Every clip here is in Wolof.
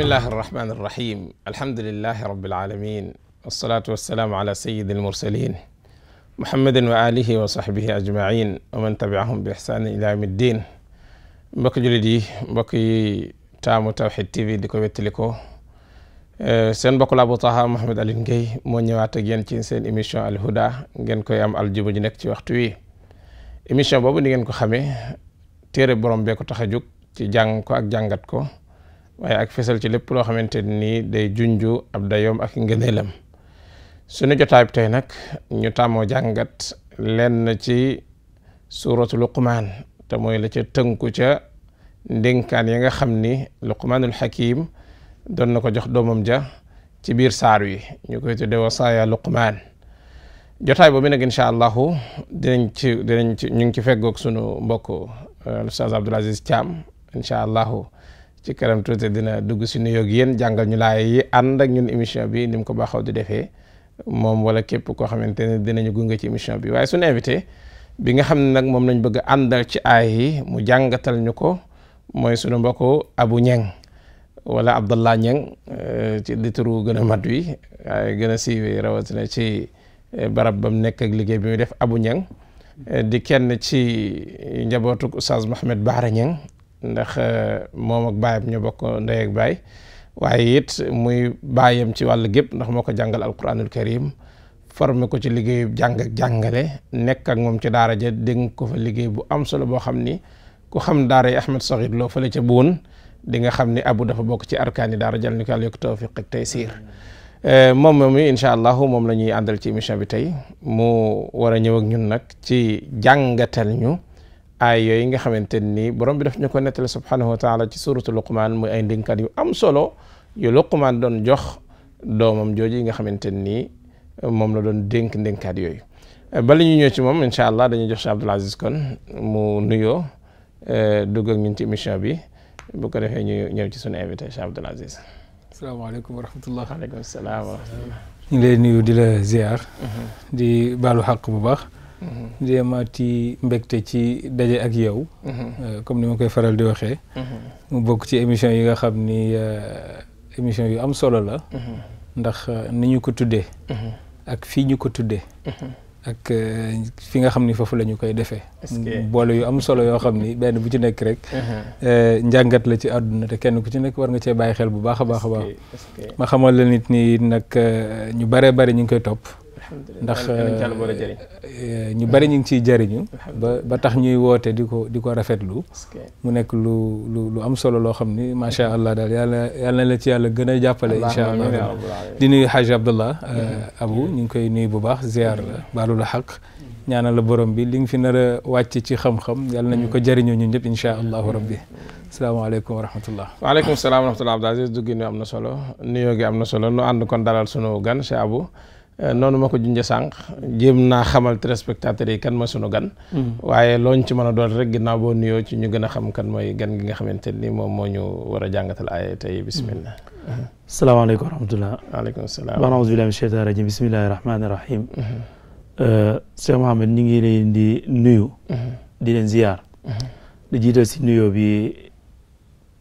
bismillahi arrahmani irrahim alhamdulilahi rabilalamin walsalaatu walsalaamu ala sayidi almursalin muhammadin wa alihi wa sahbihi mbokk julit yi mbokk yi taamu Tawhid TV di ko wettali ko eh, seen mbokk la Abu Taha Mouhamed Alioune Guèye moo ñëwaat ak ci seen émission Al Huda ngeen koy am aljuma ji nekk ci waxtu wi émission boobu ni ngeen ko xamee téere borom bee ko tax a jóg ci jàng ko ak jàngat ko waaye ak fesal ci lépp loo xamante ni day junju ab dayoom ak ngëneelam suñu jotaay bi tey nag ñu tàmmoo jàngat lenn ci suuratu luqmaan te mooy la ca tënku ca ndénkaan ya nga xam ni luqmaanul xakim doon na ko jox doomam ja ci biir saar wi ñu koy tuddee wasaaya luqmaan jotaay boobu nag incha allahu dinañ ci dinañ ci ñu ngi ci feggoog sunu mbokk euh, Oustaz Abdoul Aziz Thiam incha allahu ci kanam tuuti dina dugg si nuyoo ak yéen jàngal ñu laay yi ànd ak ñun émission bi ni mu ko baaxaw di defee moom wala képp koo xamante ne dinañu gunge ci émission bi waaye suñu invité bi nga xam ne nag moom lañ bëgg a àndal ci aay yi mu jàngatal ñu ko mooy sunu mbokku Abu Ñeng wala Abdallah Ñeng euh, ci di turu gën a mat wi waaye gën a siiwee rawatina ci euh, barab bam nekk ak liggéey bi muy def Abu Ñeng euh, di kenn ci njabootu Oustaz Mouhamed Baara Ñeng ndax euh, moom ak baayam ñoo bokk ndey ak baay waaye it muy baayam ci wàll gépp ndax moo ko jàngal alquranul karim formé ko ci liggéeyu jàng ak jàngale nekk ak moom ci daara ja dégg ko liggéey bu am solo boo xam ni ku xam daara yi Ahmed Sakhir Lo fële ca Boune di nga xam ni abu dafa bokk ci arkaani daara jàll ni ko yàlla yokk tawfiq ak taysiir euh, moom moom mi incha allah moom la ñuy àndal ci émission bi tey mu war a ñëw ak ñun nag ci jàngatal ñu ay yooyu nga xamante ni borom bi daf ñu ko nettale subhanahu wa taala ci suratu luqmaan muy ay ndénkaat yu am solo yu luqmaan doon jox doomam jooju yi nga xamante nii moom la doon dénk ndénkaat yooyu bala ñu ñëw ci moom incha allah dañuy jox Cheikh Abdoul Aziz kon mu nuyoo eh, dugg ak ci émission bi bu ko defee ñu ñëw ci sunu invité Cheikh Abdoul Aziz. asalaamaaleykum wa rahmatullah. waaleykum salaam ñu ngi lay nuyu di la ziar. Mm-hmm. di baalu xàq bu baax. di amaati mbégte ci daje ak yow. Mm-hmm. Euh, comme ni ma koy faral di waxee. Mm-hmm. mu bokk ci émission yi nga xam ni euh, émission yu am solo la. Mm-hmm. ndax euh, ni ñu ko tuddee. ak fii ñu ko tuddee. ak fi nga xam ni foofu la ñu koy defee. boole yu am solo yoo xam ni benn bu ci nekk rek. njàngat la ci àdduna te kenn ku ci nekk war nga cee bàyyi xel bu baax a baax a baax. ma xamal la nit ni nag ñu baree bari ñu ngi koy topp. ndax euh, euh, ñu bari ñu ngi ciy jariñu ba ba tax ñuy woote di ko di ko rafetlu mu nekk lu lu lu am solo loo xam ni macha allah daal yàlla yàlla na la ci yàlla gën a jàppale incha allah di nuyu Haji Abdallah mm-hmm. euh, Abu ñu ngi koy nuyu bu baax ziar la baalu la xaq ñaanal la borom bi li nga fi nar a ci xam-xam yàlla nañu ko mm-hmm. jëriñoo ñun ñëpp incha allahu mm-hmm. rabbi salaamaaleykum wa rahmatullah waaleykum salaam wa rahmatullah Abdou Aziz duggi nu am na solo nuyoo am na solo nu ànd kon dalal sunu gan Cheikh Abou Euh, noonu ma ko junjee sànq jéem naa xamal téléspectateurs yi kan ma sunu gan. Hmm. waaye looñ ci mën a doon rek ginnaaw boo nuyoo ci ñu gën a xam kan mooy gan gi nga xamante ni moom moo ñu war a jàngatal aaya tey bisimilah. Hmm. salaamaaleykum wa rahmatulah. waaleykum salaam. a'uuzu billaahi mina shaytaani rajiim bismillaahi rahmaani rahiim. Hmm. Euh, Cheikh Mohamed ñu ngi leen di nuyu. di leen ziyaar. di jiital si nuyoo bi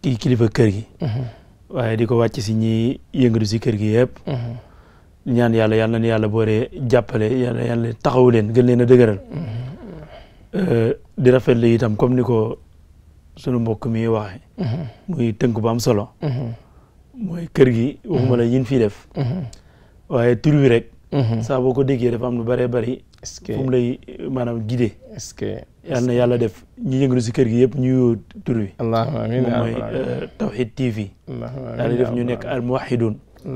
kii kilifa kër gi. di ko wàcc si ñi yëngatu si kër gi yëpp. ñaan yàlla yàlla na yàlla booree jàppale yàlla yàlla taxawu leen gën leen a dëgëral. Mm-hmm. di rafetlu itam comme ni ko sunu mbokk mi waxee. Mm-hmm. muy tënk bu am solo. Mm-hmm. mooy kër gi. waxuma la yin fii def. waaye tur wi rek. saa boo ko déggee dafa am lu bëree bëri. est-ce que gidee. est def ñi yëngu kër gi yëpp ñu tur wi. allahumma TV. allahumma euh, def ñu nekk al comme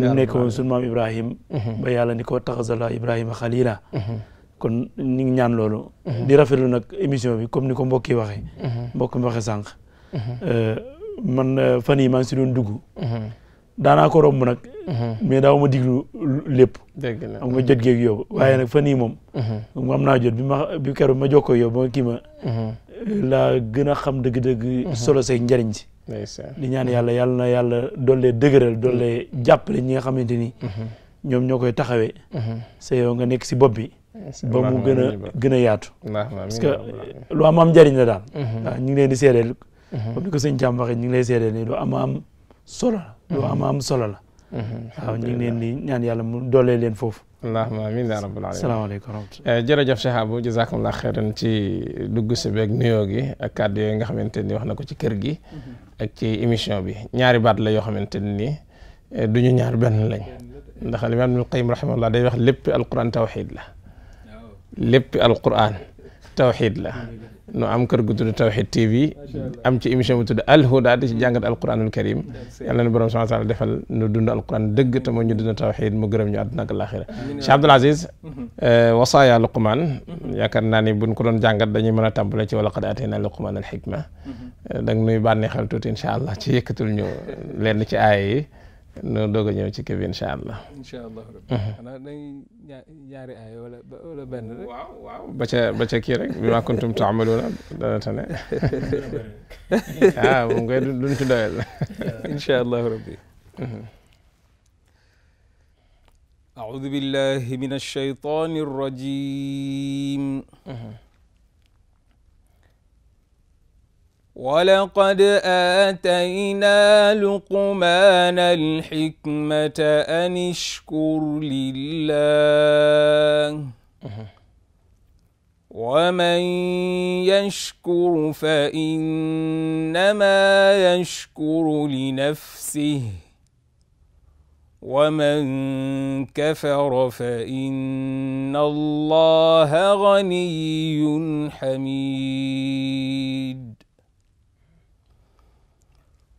ni mu nekk woon sunu maam Ibrahim mhm. ba yàlla ni ko taxasala Ibrahima xalila mhm. kon ñu ngi ñaan loolu mhm. di rafetlu nag émission bi comme ni ko mbokk yi mbokk mi sànq euh, man euh, fan yi maa ngi si doon dugg daanaa ko romb nag mais daaw ma diglu lépp am nga jot geeg yow waaye nag fan yi moom mu naa jot bi ma bi ma jokkoo yow ba nga kii laa gën a xam dëgg-dëgg solo say njëriñ si di ñaan yàlla yàlla na yàlla dollee dëgëral dollee mm-hmm. jàppale ñi nga xamante ni mm-hmm. ñoom ñoo koy taxawee mm-hmm. sa yow nga nekk si bopp bi ba mu gën a gën a yaatu parce que lu am am njëriñ la daal waaw ñu ngi leen di seedeel comme ni ko sëñ Thiam waxee ñu ngi lay am am solo la am am solo waaw ñu ngi leen ñaan yàlla mu doolee leen foofu allahuma amin yaa rabbal alamin salaamaaleykum warahmatullah eh, jërëjëf Cheikh Abou jazakumullah xeyran ci dugg si beeg nuyoo gi ak kàddu yooyu nga xamante ni wax na ko ci kër gi mm-hmm. ak ci émission bi ñaari baat la yoo xamante ni eh, du ñu ñaar benn lañ ndax al imaam ibnul qayyim rahimahullah day wax lépp alquran tawxid la lépp alquran tawxiid la nu am kër gu tudd tawxiid TV am ci émission bu tudd alhuda di ci jàngat alquranul karim yàlla na borom subhaana taala defal nu dund alquran dëgg te moo ñu dund tawxiid mu gërëm ñu àdduna ak Aziz eh, wasaaya luqman mhm. yaakaar naa ni buñ ko doon jàngat dañuy mën a tàmbale ci walaqad aatayna luqman al xikma mhm. eh, da nga nuy bànneexal tuuti incha allah ci yëkkatul ñu lenn ci aaya yi no doog a ñëw ci kër bi incha allah. incha mhm. allah xanaa dañuy ñaari ay wala wala benn rek. waaw waaw ba ca ba ca kii rek bi ma kuntum taamaluuna dana tane ah moom ngay duñ ci doyal. incha allah rabbi. أعوذ بالله من الشيطان الرجيم ولقد آتينا لقمان الحكمة أن اشكر لله ومن يشكر فإنما يشكر لنفسه ومن كفر فإن الله غني حميد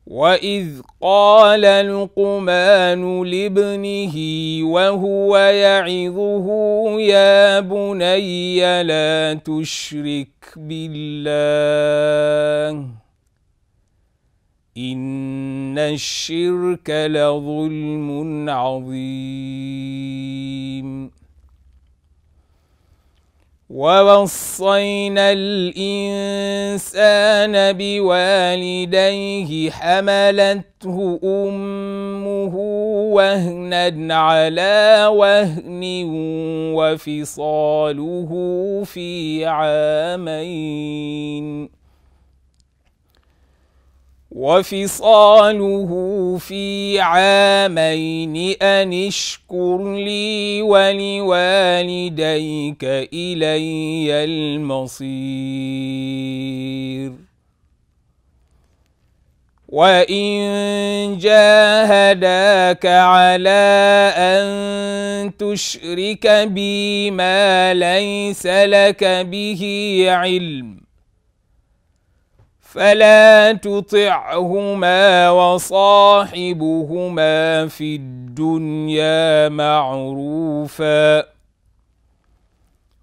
واذ قال لقمان لابنه وهو يعظه يا بني لا تشرك بالله ان الشرك لظلم عظيم ووصينا الإنسان بوالديه حملته أمه وهنا على وهن وفصاله في عامين وفصاله في عامين أن اشكر لي ولوالديك إلي المصير وإن جاهداك على أن تشرك بي ما ليس لك به علم فلا تطعهما وصاحبهما في الدنيا معروفا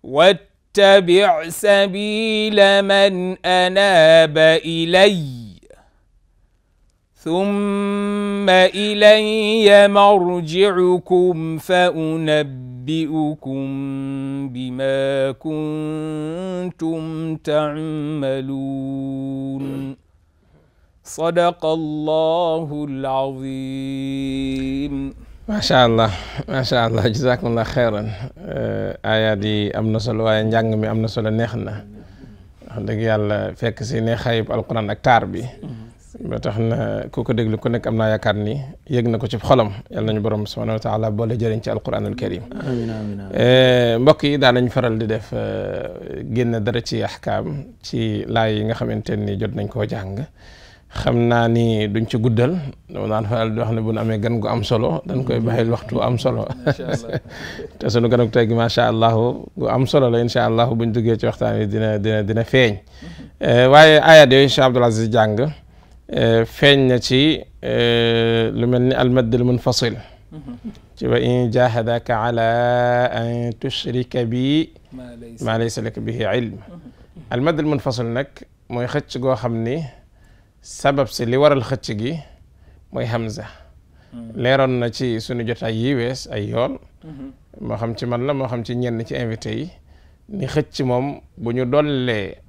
واتبع سبيل من اناب الي ثم الي مرجعكم فانبئ أنبئكم بما كنتم تعملون صدق الله العظيم macha allah macha allah jazakumullah xeyran aayaat yi am na solo waaye njàng mi am na solo neex na wax dëgg yàlla fekk si ne xayib alquran ak taar bi ba tax na ku ko déglu ku nekk am naa yaakaar ni yëg na ko ci xolam yal nañu borom subhanahu wa taala boole jëriñ ci alquranul karim amiin amiin eh, mbokk yi daan nañ faral di def eh, génn dara ci axkaam ci laay yi nga xamante nii jot nañ koo jàng xam naa ni duñ ci guddal dama daan faral di wax ne bu nu amee gan gu am solo dañ koy bàyyil waxtu am solo te sunu gan ak tey gi macha allah gu am solo la incha allah buñ duggee ci waxtaan wi dina dina dina feeñ mm-hmm. eh, waaye ayat yooyu Cheikh Abdoul Aziz jàng E, feeñ na ci e, lu mel ni almaddul munfasil mhm. ci wa in jahadaka ala an tushrika bi mhm. nag mooy xëcc goo xam ni sabab si li waral xëcc gi mooy hamza mhm. leeroon na ci suñu jotaay yi wees ay yoon moo xam ci man la moo xam ci ñenn ci invité yi ni xëcc moom bu ñu dollee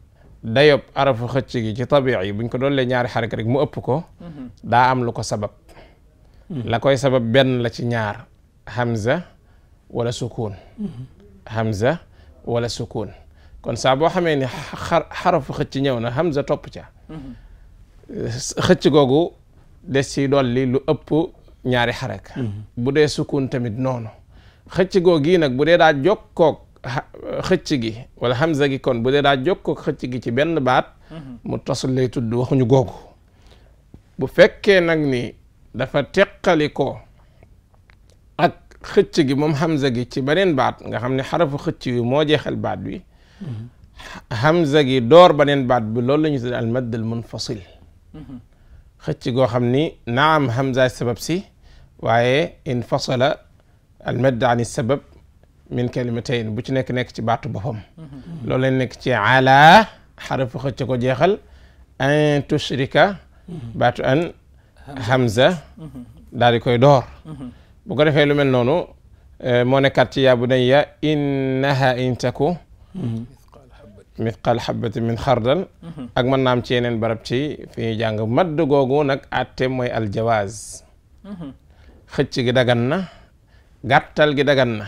dayob arafu xëcc gi ci tabi'i buñ ko doole ñaari xarak rek mu ëpp ko mhm. daa am lu ko sabab mhm. la koy sabab benn la ci ñaar hamza wala sukun mhm. hamza wala sukun kon saa boo xamee ni xarafu xëcc ñëw na hamza topp ca xëcc googu des ci dolli lu ëpp ñaari xarak bu dee sukun tamit noonu xëcc googu nag bu dee daa jokkoog xëcc gi wala hamza gi kon bu dee daa jokkook xëcc gi ci benn baat mhm. mu tosu lay tudd waxuñu googu bu fekkee nag ni dafa teqali ko ak xëcc gi moom hamza gi ci beneen baat nga xam ne xarafu xëcc wi moo jeexal baat bi mhm. hamza gi door beneen baat bu loolu la ñu tuddee al madd al munfasil mhm. xëcc goo xam ni naam hamza sabab si waaye infasala al madd ani sabab min kalimatayn bu ci nekk nekk ci baatu boppam mm-hmm. loolu leen nekk ci ala xarafu xëcc ko jeexal an tushrika mm-hmm. baatu an hamza mm-hmm. daal koy door bu ko defee lu mel noonu eh, moo nekkaat ci yaa bunayya innaha in taku mithqal xabati min xardal ak mën naam ci yeneen barab ci fi ñuy jàng madd googu nag atte mooy aljawaaz xëcc gi dagan na gàttal gi dagan na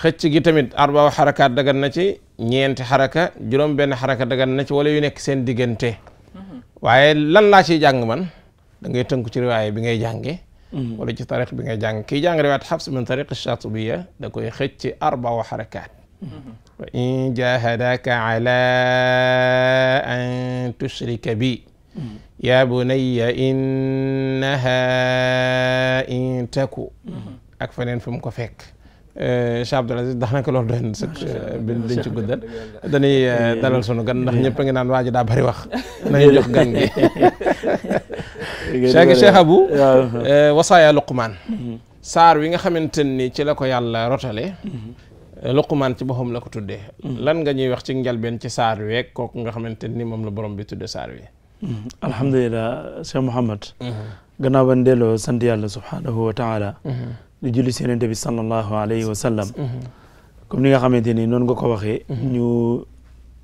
xëcc gi tamit arbaaw xarakaat dagan na ci ñeenti xaraka juróom benn xaraka dagan na ci wala yu nekk seen diggante waaye lan laa ciy jàng man da ngay tënku ci riwaaya bi ngay jànge mm-hmm. wala ci tariq bi ngay jàng kii jàng riwaayat xafs da koy xëcc arbaaw xarakaat mm-hmm. wa in jahadaka ala an tushrika bi mm-hmm. yaa bunayya innaha in taku ak feneen fi ko fekk Eh, Cheikh Abdoul Aziz daanaka loolu doy na sëkk bi eh, duñ ci guddal dañuy eh, dalal ñëpp a ngi naan waa daa bari wax nañu jox gan gi Cheikh Cheikh Abou wasaaya Luqmaan mhm. saar wi nga xamante ni ci la ko yàlla rotale mhm. Luqmaan ci boppam la ko tuddee mhm. lan nga ñuy wax ci njalbeen ci saar weeg kooku nga xamante ni moom la borom bi tudde saar wi alhamdulilah Cheikh Mouhamad gannaaw sant yàlla subhaanahu wa di julli si yonent bi sallallahu alayhi wa sallam comme ni nga nga ko waxee ñu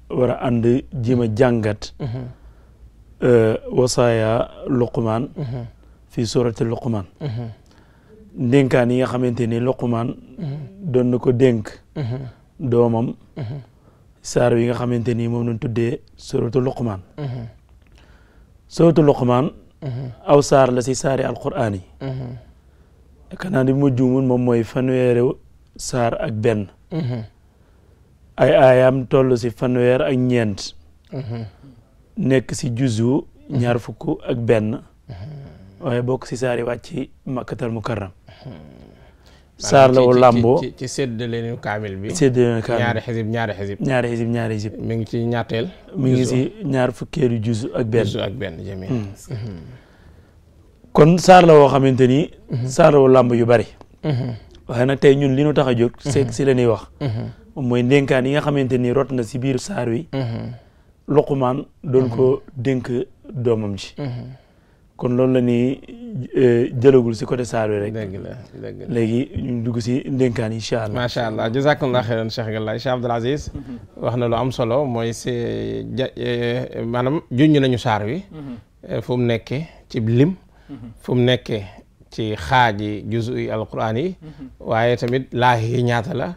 war a ànd jéem a jàngat euh, wasaaya luqumaan fii surati luqumaan ndénkaan yi nga xamante ni luqumaan doon na ko dénk doomam saar yi nga xamante ni moom lañ tuddee suratu luqumaan suratu luqumaan aw saar la si saari alquraan yaakaar naa ni bu ma moom mooy fanweeri saar ak benn mhm. ay aayaam toll si fanweer ak ñeent mhm. nekk si juzu mhm. ñaar fukk ak benn waaye bokk si saar yi wàcc ci makkatal mukarram saar la wu làmboo ci sedd nu kaamil bi séddale nu kaamil ñaari xisib ñaari xisib ñaari xisib ñaari xisib mi ngi ci ñaateel mi ngi si ñaar fukkeelu juzu ak benn juzu ak benn kon saar la woo xamante ni. Mhm. saar làmb yu bari. Mhm. waaye nag tey ñun li ñu tax a jot seeg mhm. si la ñuy wax. moom mooy ndénkaan yi nga xamante ni rot na si biir saar wi. Luqmaan doon ko dénk doomam ji. kon loolu la ni e, jëlagul si côté saar wi rek. dëgg la léegi ñu dugg si ndénkaan incha allah. macha allah jazakallah xeyran Cheikh Galaye Cheikh Abdoul Aziz. wax na lu am solo mooy si ja e, maanaam junj nañu wi. E, fu nekkee ci lim. fu mu nekkee ci xaaji juzu yi alquran yi waaye tamit laahi yi ñaata la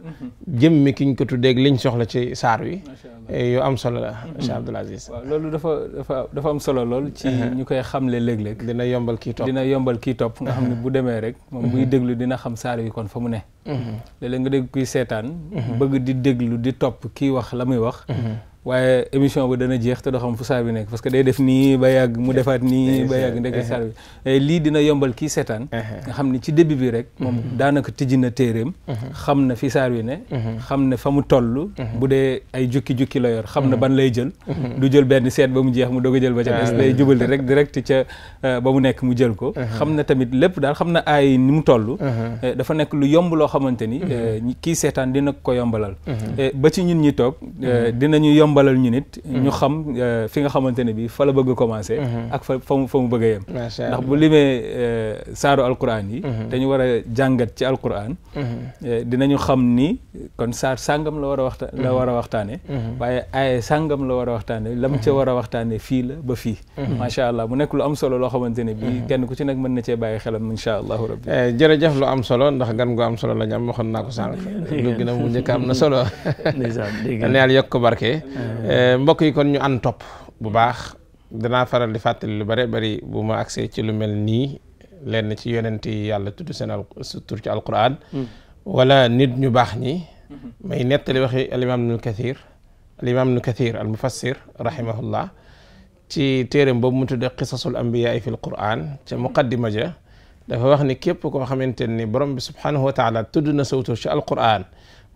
jëmmi kiñ ko tuddeeg liñ soxla ci saar wi eh, yu am solo la cheikh hmm. abdul aziz waaw loolu dafa dafa dafa am solo lool ci uh-huh. ñu koy xamle léeg-léeg dina yombal kii topp dina yombal kii topp nga xam ne bu demee rek moom buy déglu dina xam saar wi kon fa mu ne uh-huh. léeg-léeg nga dégg kuy seetaan uh-huh. bëgg di déglu di topp kii wax la muy wax waaye émission bi dana jeex te doo xam fu saar bi nekk parce que day def nii ba yàgg mu defaat nii ba yàgg ndekk saar bi eh, lii dina yombal kii seetaan nga xam ne ci début bi rek moom daanaka tijji na téeréem xam na fi saar bi ne xam na fa mu toll bu dee ay jukki-jukki la yor xam na ban lay jël du jël benn seet ba mu jeex mu doog jël ba ca des day jubali rek direct ca eh, ba mu nekk mu jël ko xam na tamit lépp daal xam na aay ni mu toll eh, dafa nekk lu yomb loo xamante ni kii seetaan dina ko yombalal ba ci ñun ñi toog dinañu yomb yombalal ñu nit mm-hmm. ñu xam euh, fi nga xamante ne bi fa la bëgg a commencé mm-hmm. ak fa fa mu fa mu a yem ndax bu limee euh, saaru alquran yi mm-hmm. te ñu war a jàngat ci euh, dina ñu xam ni kon saar sàngam la war a waxta la war a waxtaane waaye aaye sàngam la war a waxtaane lam ca war a waxtaane fii la ba fii macha allah mu nekk lu am solo loo xamante ne bi kenn ku ci nag mën na cee bàyyi xelam incha allahu rabbi eh, jërëjëf lu am solo ndax gan gu am solo la am am waxoon naa ko sànq lu am na solo Eh, mbokk yi kon ñu ànd topp bu baax danaa faral di fàttali lu bare bari bu ma agsee ci lu mel nii lenn ci yonent yi yàlla tudd seen al ci alquran hmm. wala nit ñu baax ñi may nettali waxi alimam ibnu kathir alimam ibnu kathir al mufassir rahimahullah ci téeram boobu mu tudde qisasul ambiyaa fi l quran ca muqaddima ja dafa wax ni képp koo xamante ni borom bi subhanahu wa tudd na sawtur ci alquran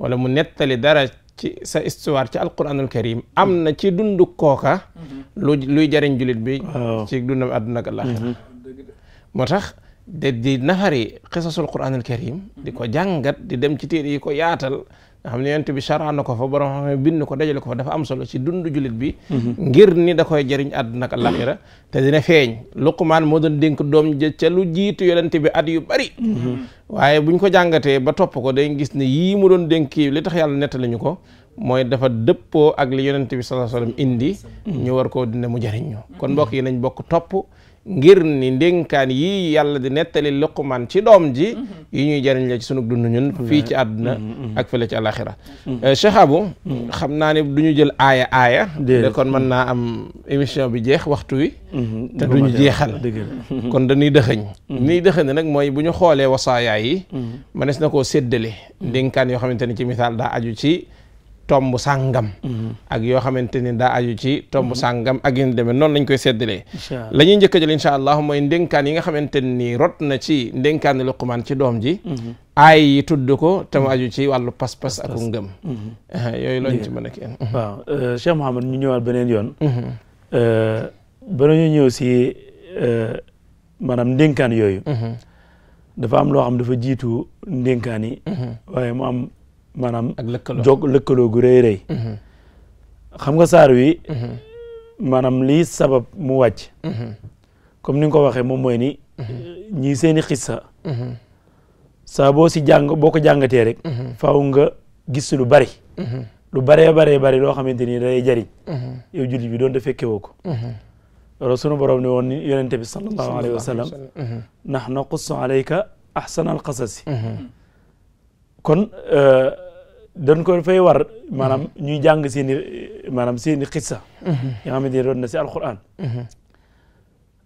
wala mu nettali dara ci sa histoire ci alquranul karim am na ci dundu kooka lu luy jariñ julit bi ci dundam àdduna ak àllaaxira mhm. moo tax de di nafari xisasul quranul karim di ko jàngat di dem ci téere yi ko yaatal nga xam ne yonent bi saraan ko fa borom xam bind ko dajale ko fa dafa am solo ci dundu jullit bi mhm. ngir ni da koy jëriñ àdduna ak àllaaxira te dina feeñ luqumaan moo doon dénk doom ja ca lu jiitu yonent bi at yu bari mhm. waaye buñ ko jàngatee ba topp ko day gis ne yii mu doon dénk li tax yàlla nettali ñu ko mooy dafa dëppoo ak li yonent bi sallallahu alayhi mu indi mhm. ñu war ko dina mu jëriñ ñu kon mbokk yi nañ bokk topp ngir ni ndénkaan yi yàlla di nettali luqman ci doom ji mhm. yi ñuy jëriñ la ci sunu dund ñun mhm. fii ci àdduna mhm. ak fële ci àlaxira euh, Cheikh xam naa ne du ñu jël aaya aaya de kon mën naa am émission bi jeex waxtu wi te duñu jeexal kon dañuy dëxëñ niy dëxëñ nag mooy bu ñu xoolee wasaayaa yi manes na koo séddale ndénkaan yoo xamante ni ci misaal daa aju ci tomb sàngam mm-hmm. ak yoo xamante ni daa aju ci tomb mm-hmm. sàngam ak yéen demee noonu lañ koy seddalee la ñuy njëkk a jël incha allah mooy ndénkaan yi nga xamante ni rot na ci ndénkaani Luqmaan ci doom ji mm-hmm. aay yi tudd ko te mu aju ci wàllu pas-pas ak ngëm yooyu lañ ci mën a kenn waaw euh, ñu ñëwaat beneen yoon euh, ba ñu ñëw si euh, maanaam ndénkaan yooyu dafa am loo xam dafa jiitu ndénkaan yi mu am maanaam jog lëkkaloo gu rëy rëy mhm. xam nga saar wi mhm. maanaam lii sabab mu wàcc mhm. comme ni ko waxee moom mooy ni ñii seeni xissa saa boo si jàng boo ko jàngatee rek nga gis lu bari lu baree baree bari loo xamante ni day jariñ yow jullit bi doon da fekke woo ko loolu sunu borom ne woon ni yonente bi sallallahu alayhi wa sallam nahnu naqussu alayka ahsana al qasasi kon euh, dañ ko fay war maanaam mm-hmm. ñuy jàng seen i maanaam seen i xissa mm-hmm. nga xamante ne doon na si alquran mm-hmm.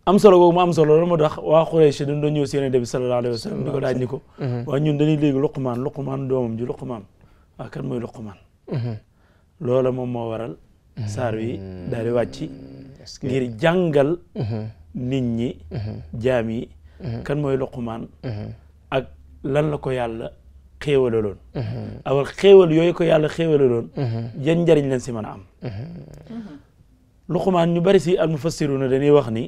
am solo boobu mu am solo loolu moo tax waa Quraysh dañ doon ñëw si Yonent bi sallallahu alayhi wa sallam di ko daaj ni ko waa ñun dañuy léegi luqumaan luqumaan doomam ji luqumaan waa kan mooy luqumaan loola moom moo waral saar wi daal di wàcc ngir jàngal nit ñi jaam yi kan mooy luqumaan ak lan la ko yàlla xéewalaloon mhm. alors xéewal yooyu ko yàlla xéewalaloon mhm. yan njëriñ leen si mën a am mhm. luqumaan ñu bari si al na dañuy wax ni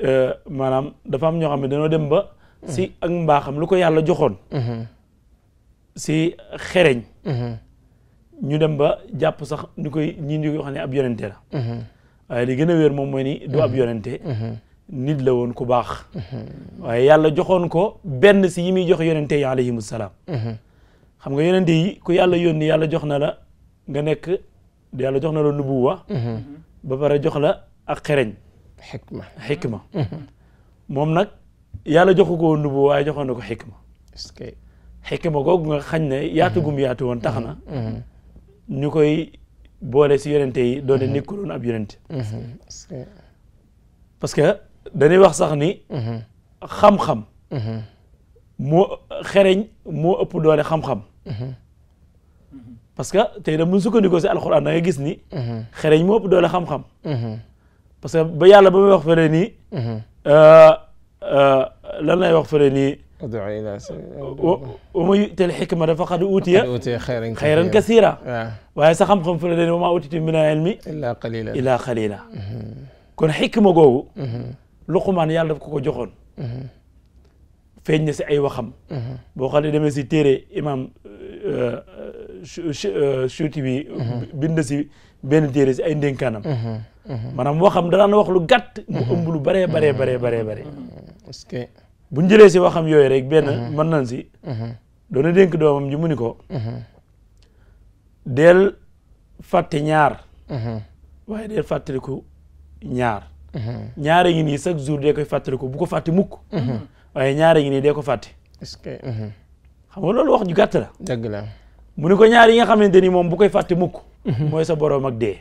euh, maanaam dafa am ñoo xam ne dañoo dem ba si ak mbaaxam lu ko yàlla joxoon si xereñ ñu dem ba jàpp sax ñu koy ñi ñu koy wax ne ab yonente la waaye li gën a wéer moom mooy ni ab yonente nit la woon ku baax mhm. waaye yàlla joxoon ko benn si yi muy jox yonente yi alayhimu salaam mhm. xam nga yonente ku yàlla yónni yàlla jox na la nga nekk yàlla jox na la nubuwa mhm. ba pare jox la ak xereñ xikma xikma moom nag yàlla jox ko woon nubuwa waaye joxoon na ko xikma xikma googu nga xañ ne yaatu gum yaatu woon tax na ñu koy boole si yonente yi doone nekkuloon ab yonente dañuy wax sax ni. Mhm. xam-xam. Mhm. moo xereñ moo ëpp doole xam-xam. Mhm. parce que tey da mun sukkandikoo si alxuraan da nga gis ni. xereñ moo ëpp doole xam-xam. parce que ba yàlla ba muy wax fële nii. Euh, euh, lan lay wax fële nii. wa ma yu'tal xikmata faqad uutiya xayran kasiira ah. waaye sa xam-xam fële nii wa maa uutiitum mina al-ilmi. illaa qaliila illaa qaliila kon xikma googu. luqumaan yàlla daf ko ko joxoon feeñ na si ay waxam boo xam ne demee si téere imam euh, euh, suuti bi bind si benn téere si ay ndénkaanam maanaam waxam danaan wax lu gàtt mu lu baree baree baree baree baree bu ñu jëlee si waxam yooyu rek benn mën nañ si doona dénk doomam ji mu ni ko del fàtte ñaar mhm. waaye del fàttaliku ñaar Mhm. ñaare ngi nii chaque jour dee koy fàttali ko bu ko fàtte mukk mhm. waaye ñaare ngi nii dee ko fàtte est-ce que mhm. xam nga loolu wax ju gàtt la dëgg la mu ne ko ñaar yi xamante ni moom bu koy fàtte mukk mooy sa borom ak dee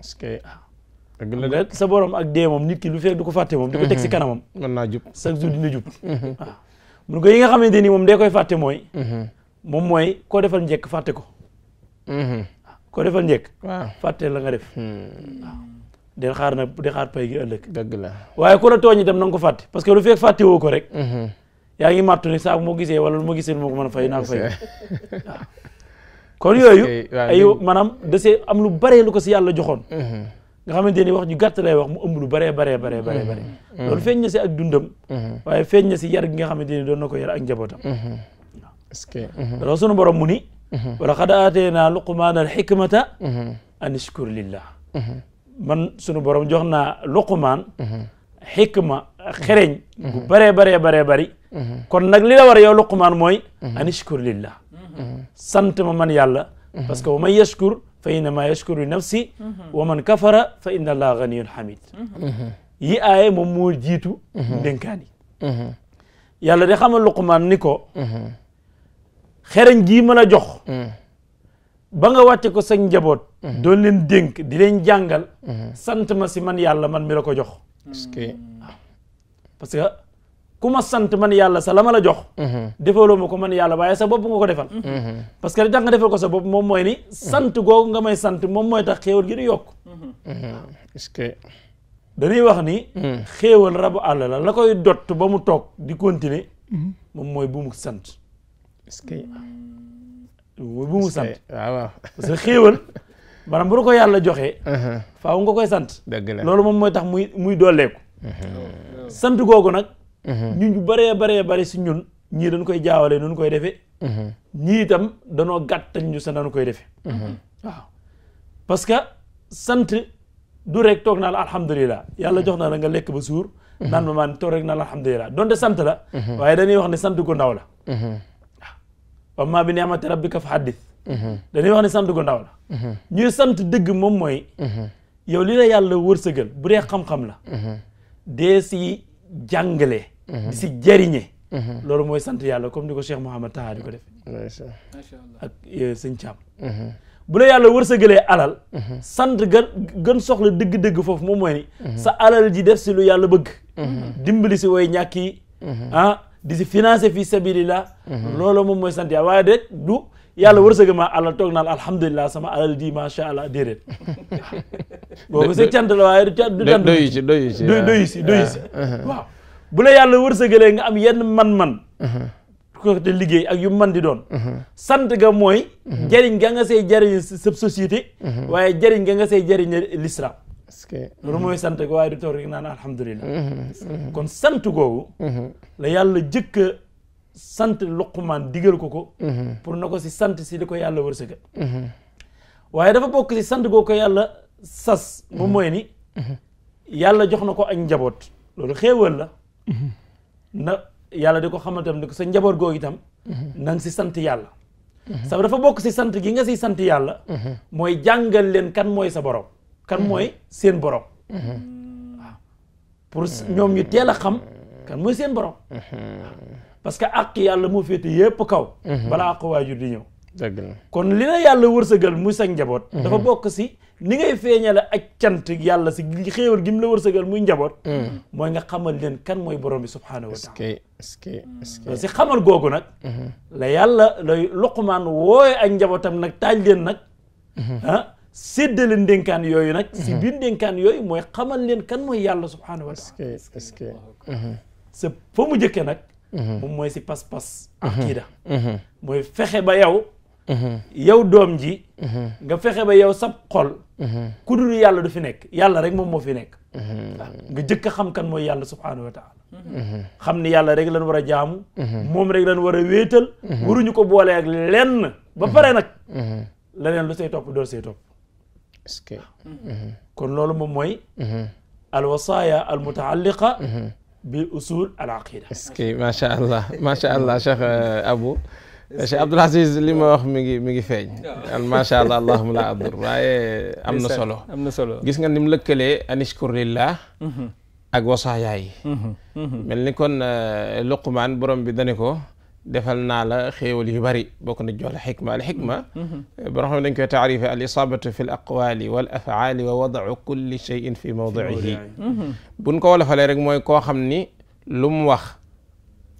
est-ce que ah. dëgg sa borom ak dee moom nit ki lu fekk du ko fàtte moom di ko teg si kanamam mën naa jub chaque jour dina jub ah. yi nga xamante ni moom de koy fàtte mooy moom mooy koo defal njekk fàtte ko ah, koo defal njekk waaw fàtte la nga def hmm. de xaar nag di pay gi ëllëg. dëgg la waaye ku la tooñ itam na nga ko fàtte parce que lu fekk ko rek. Mhm. yaa ngi màttu ne saa moo gisee wala lu ma gisee moo ko a fay naa ko fay yooyu ay maanaam dasee am lu bare lu ko si yàlla joxoon. Mhm. nga xamante ni wax ñu gàtt lay wax mu ëmb lu baree baree baree baree mhm. bare loolu feeñ si ak dundam. waaye feeñ na si yar gi nga xamante ni doon na ko yar ak njabootam. que loolu sunu borom mu ni. wala xad aateenaa luqmaana alxikmata an ishkur lillah man sunu borom jox naa luqumaan mhm. xikma mhm. xereñ bu mhm. baree baree baree kon nag li la war yow luqumaan mooy anishkur lillah sant ma man yàlla parce que wa man yashkur fa innama yashkuru li nafsi wa man kafara fa inna allaha ganiyun hamid yi aaye moom moo jiitu ndénkaan yi yàlla da xamal luqumaan ni ko xereñ gii ma la jox ba nga wàcce ko sa njaboot. Mhm. doon leen dénk di leen jàngal. Mhm. sant ma si man yàlla man mi la ko jox. Ah. parce que ku ma sant man yàlla sa la ma la jox. Mhm. defaloo ma ko man yàlla waaye sa bopp nga ko defal. parce que li tax defal ko sa bopp moom mooy ni. sant googu nga may sant moom mooy tax xéewal gi di yokk. Ah. est wax ni. xéewal rabu àll la la koy dott ba mu toog di continuer. moom mooy bu sant. bu mu sant waaw waaw parce que xéewal maanaam bu la ko yàlla joxee uh-huh. faaw nga koy sant dëgg la loolu moom mooy tax muy muy dooleeku uh-huh. sant googu nag uh-huh. ñun ñu bëree baree bëri si ñun ñii dañ koy jaawale nun koy defee ñii itam danoo gàttañ ñu sa dañu koy defee waaw parce que sant du rek toog naa la alhamdulilah yàlla jox naa la nga lekk ba suur naan ma maan toog rek naa la alhamdulilah donte sant la waaye dañuy wax ne sant gu ndaw la wa maa bi ni'mati rabbika fa haddith mhm. dañuy wax ne sant gu ndaw la mhm. ñuy sant dëgg moom mooy mhm. yow li la yàlla wërsëgal bu dee xam-xam la dee si jàngale si jariñe loolu mooy sant yàlla comme ni ko Cheikh Mouhamad Taha di ko def ak eh, sëñ Thiam bu la yàlla wërsëgalee alal sant gën gën soxla dëgg-dëgg foofu moom mooy ni sa alal ji def si lu yàlla bëgg dimbali si way ñàkk yi ah, di si financer fi sabilillah mhm. loolu moom mooy sant yàlla waaye de du yàlla wërsëg ma alal toog naan alhamdulilah sama alal di macha allah déedéet. boobu si cant la waaye du ca du. doyu si doyu si doyu la yàlla nga am yenn man-man. Uh-huh. ko te liggéey ak yu man di doon uh-huh. sant ga mooy uh-huh. jariñ ga nga say jariñ sa société waaye jariñ ga nga say jariñ l'islam loolu mooy sant ko waaye du toog rek naan alhamdulilah mm-hmm, mm-hmm. kon sant googu mm-hmm. la yàlla jëkk a sant Luqmaan digal ko ko pour na ko si sant si li ko yàlla wërsëgal waaye dafa bokk si sant googu ko yàlla sas jox na ko ak njaboot loolu xéewal la na yàlla di ko xamal tam ni sa njaboot googu si sant yàlla sax dafa bokk si sant gi nga si sant yàlla mooy jàngal leen kan mooy sa boroom kan mhm. mooy seen borom. Mhm. waaw pour ñoom ñu teel a xam kan mooy seen borom. Mhm. parce que àq yàlla moo féete yépp kaw. balaa àq waajur di ñëw. dëgg la kon li la yàlla wërsëgal muy sa njaboot. dafa bokk si ni ngay feeñale ak cant yàlla si xéewal gi la la wërsëgal muy njaboot. mooy nga xamal leen kan mooy borom bi subhaanahu wa taala. est si xamal googu nag. la yàlla lay luqmaan wooye ak njabootam nag taaj leen nag. Ah, leen ndénkaan yooyu nag si mhm. biir ndénkaan yooyu mooy xamal leen kan mooy yàlla subhaanahu wa taala est que mhm. sa fa mu jëkke nag mhm. moom mooy si pas-pas akiida mooy fexe ba yow yow doom ji nga fexe ba yow sab xol ku dul yàlla du fi nekk yàlla rek moom moo fi nekk waaw nga jëkk a xam kan mooy yàlla subhaanahu wa taala xam ni yàlla rek lañ war a jaamu moom rek lañ war a wéetal waruñu ko boolee ak lenn ba pare nag leneen lu say topp dool say topp est-ce que mm-hmm. Mm-hmm. kon loolu moom mooy mm-hmm. al wasaaya al mutaalliqa bil usul al aqida est-ce que macha allah macha allah cheikh euh, abou cheikh abdoul aziz li ma wax mi ngi mi ngi feeñ macha allah allahuma la adur waaye am na solo am na solo gis nga ni mu lëkkalee anishkur lillah ak wasaaya yi mel ni kon euh, luqmaan borom bi dane ko defal naa la xéewal yu bari bokk na jox la xikma al xikma ba nga xam dañ koy taarife al isabatu fi l aqwali wal afaali wa wadau kulli cheyin fi mawdiihi buñ ko wolofalee rek mooy koo xam ni lu mu wax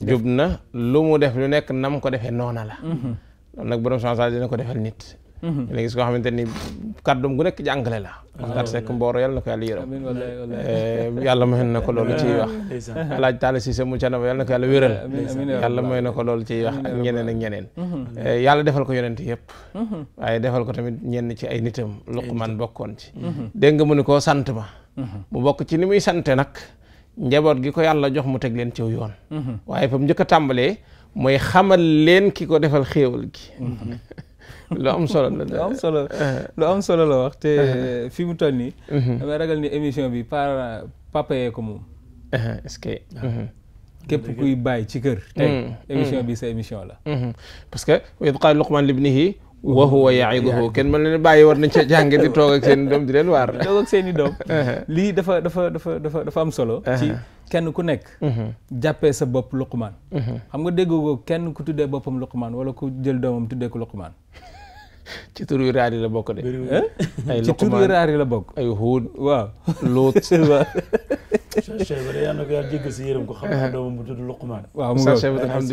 jub na lu mu def lu nekk nam ko defee noona la mhm. loolu nag borom chance dina ko defal nit dina gis koo xamante ni kàddoom gu nekk jàngale la Maxtaar ah, Sekk Mbooro yàlla na ko yàlla yërëm eh, yàlla may na ko loolu ciy wax alaaj Taala Siise mu ca na ba yàlla na ko yàlla wéral yàlla may na ko loolu ciy wax ak ñeneen ak ñeneen mhm. eh, yàlla defal ko yonent yëpp mhm. waaye defal ko tamit ñenn ci ay nitam Luqmaan bokkoon ci mhm. dégg mu ni koo sant ma mu bokk ci ni muy sante nag njaboot gi ko yàlla jox mu teg leen ciw yoon waaye fa mu njëkk a tàmbalee mooy xamal leen ki ko defal xéewal gi lu am solo lu am solo lu solo la wax te fi mu toll nii. Mhm. damay ragal ni émission bi par papa ko moom. Mhm, est-ce que. Mhm. képp kuy bàyyi ci kër. tey émission bi sa émission la. parce que wa id qaala Luqmaan libnihi wa huwa ya'iduhu kenn mën leen bàyyi war nañ ca jànge di toog ak i doom di leen waar. toog ak seen doom. lii dafa dafa dafa dafa dafa am solo. ci kenn ku nekk. jàppee sa bopp Luqmaan. xam nga déggoo ko kenn ku tuddee boppam Luqmaan wala ku jël doomam tuddee ko ci tur raar yi la bokk de. Eh? ci tur raar yi la bokk. ay Huud waaw Luut. waaw. Cheikh bi yàlla na ko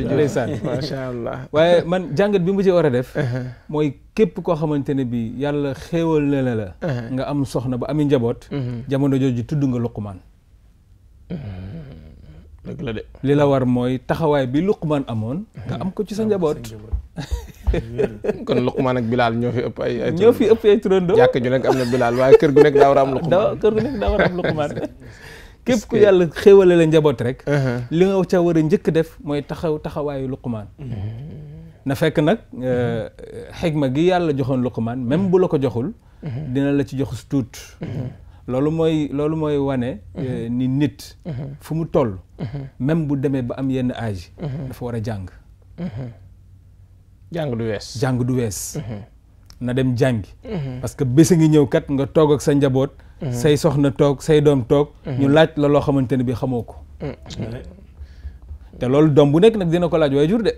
yàlla ko waaye man jàngat bi mu ci war a def. Uh-huh. mooy képp koo xamante ne bi yàlla xéewal na la uh-huh. nga am soxna ba ami njaboot. Uh-huh. jamono jooju tudd nga Luqman. dëgg li la war mooy taxawaay bi Luqman amoon. nga am ko ci sa njaboot. kon Luqmaan ak Bilal ñoo fi ëpp ay ay ñoo fi ëpp ay ju nekk am na Bilal waaye kër gu nekk daa war a am Luqmaan kër gu nekk daa war a képp ku yàlla xéwale la njaboot rek uh-huh. li nga ca war a njëkk def mooy taxaw taxawaayu Luqmaan mm-hmm. na fekk nag uh, xigma gi yàlla joxoon Luqmaan même bu la ko joxul mm-hmm. dina la ci jox tuut mm-hmm. loolu mooy loolu mooy wane uh, ni nit fu mu toll même bu demee ba am yenn âge dafa war a jàng jàng du wees jàng du wees. Mhm. na dem jàngi. Mhm. parce que bés a ngi ñëw kat nga toog ak sa njaboot. Mhm. say soxna toog say doom toog. ñu laaj la loo xamante ne bi xamoo ko. Mm. te loolu doom bu nekk nag dina ko laaj waay jur de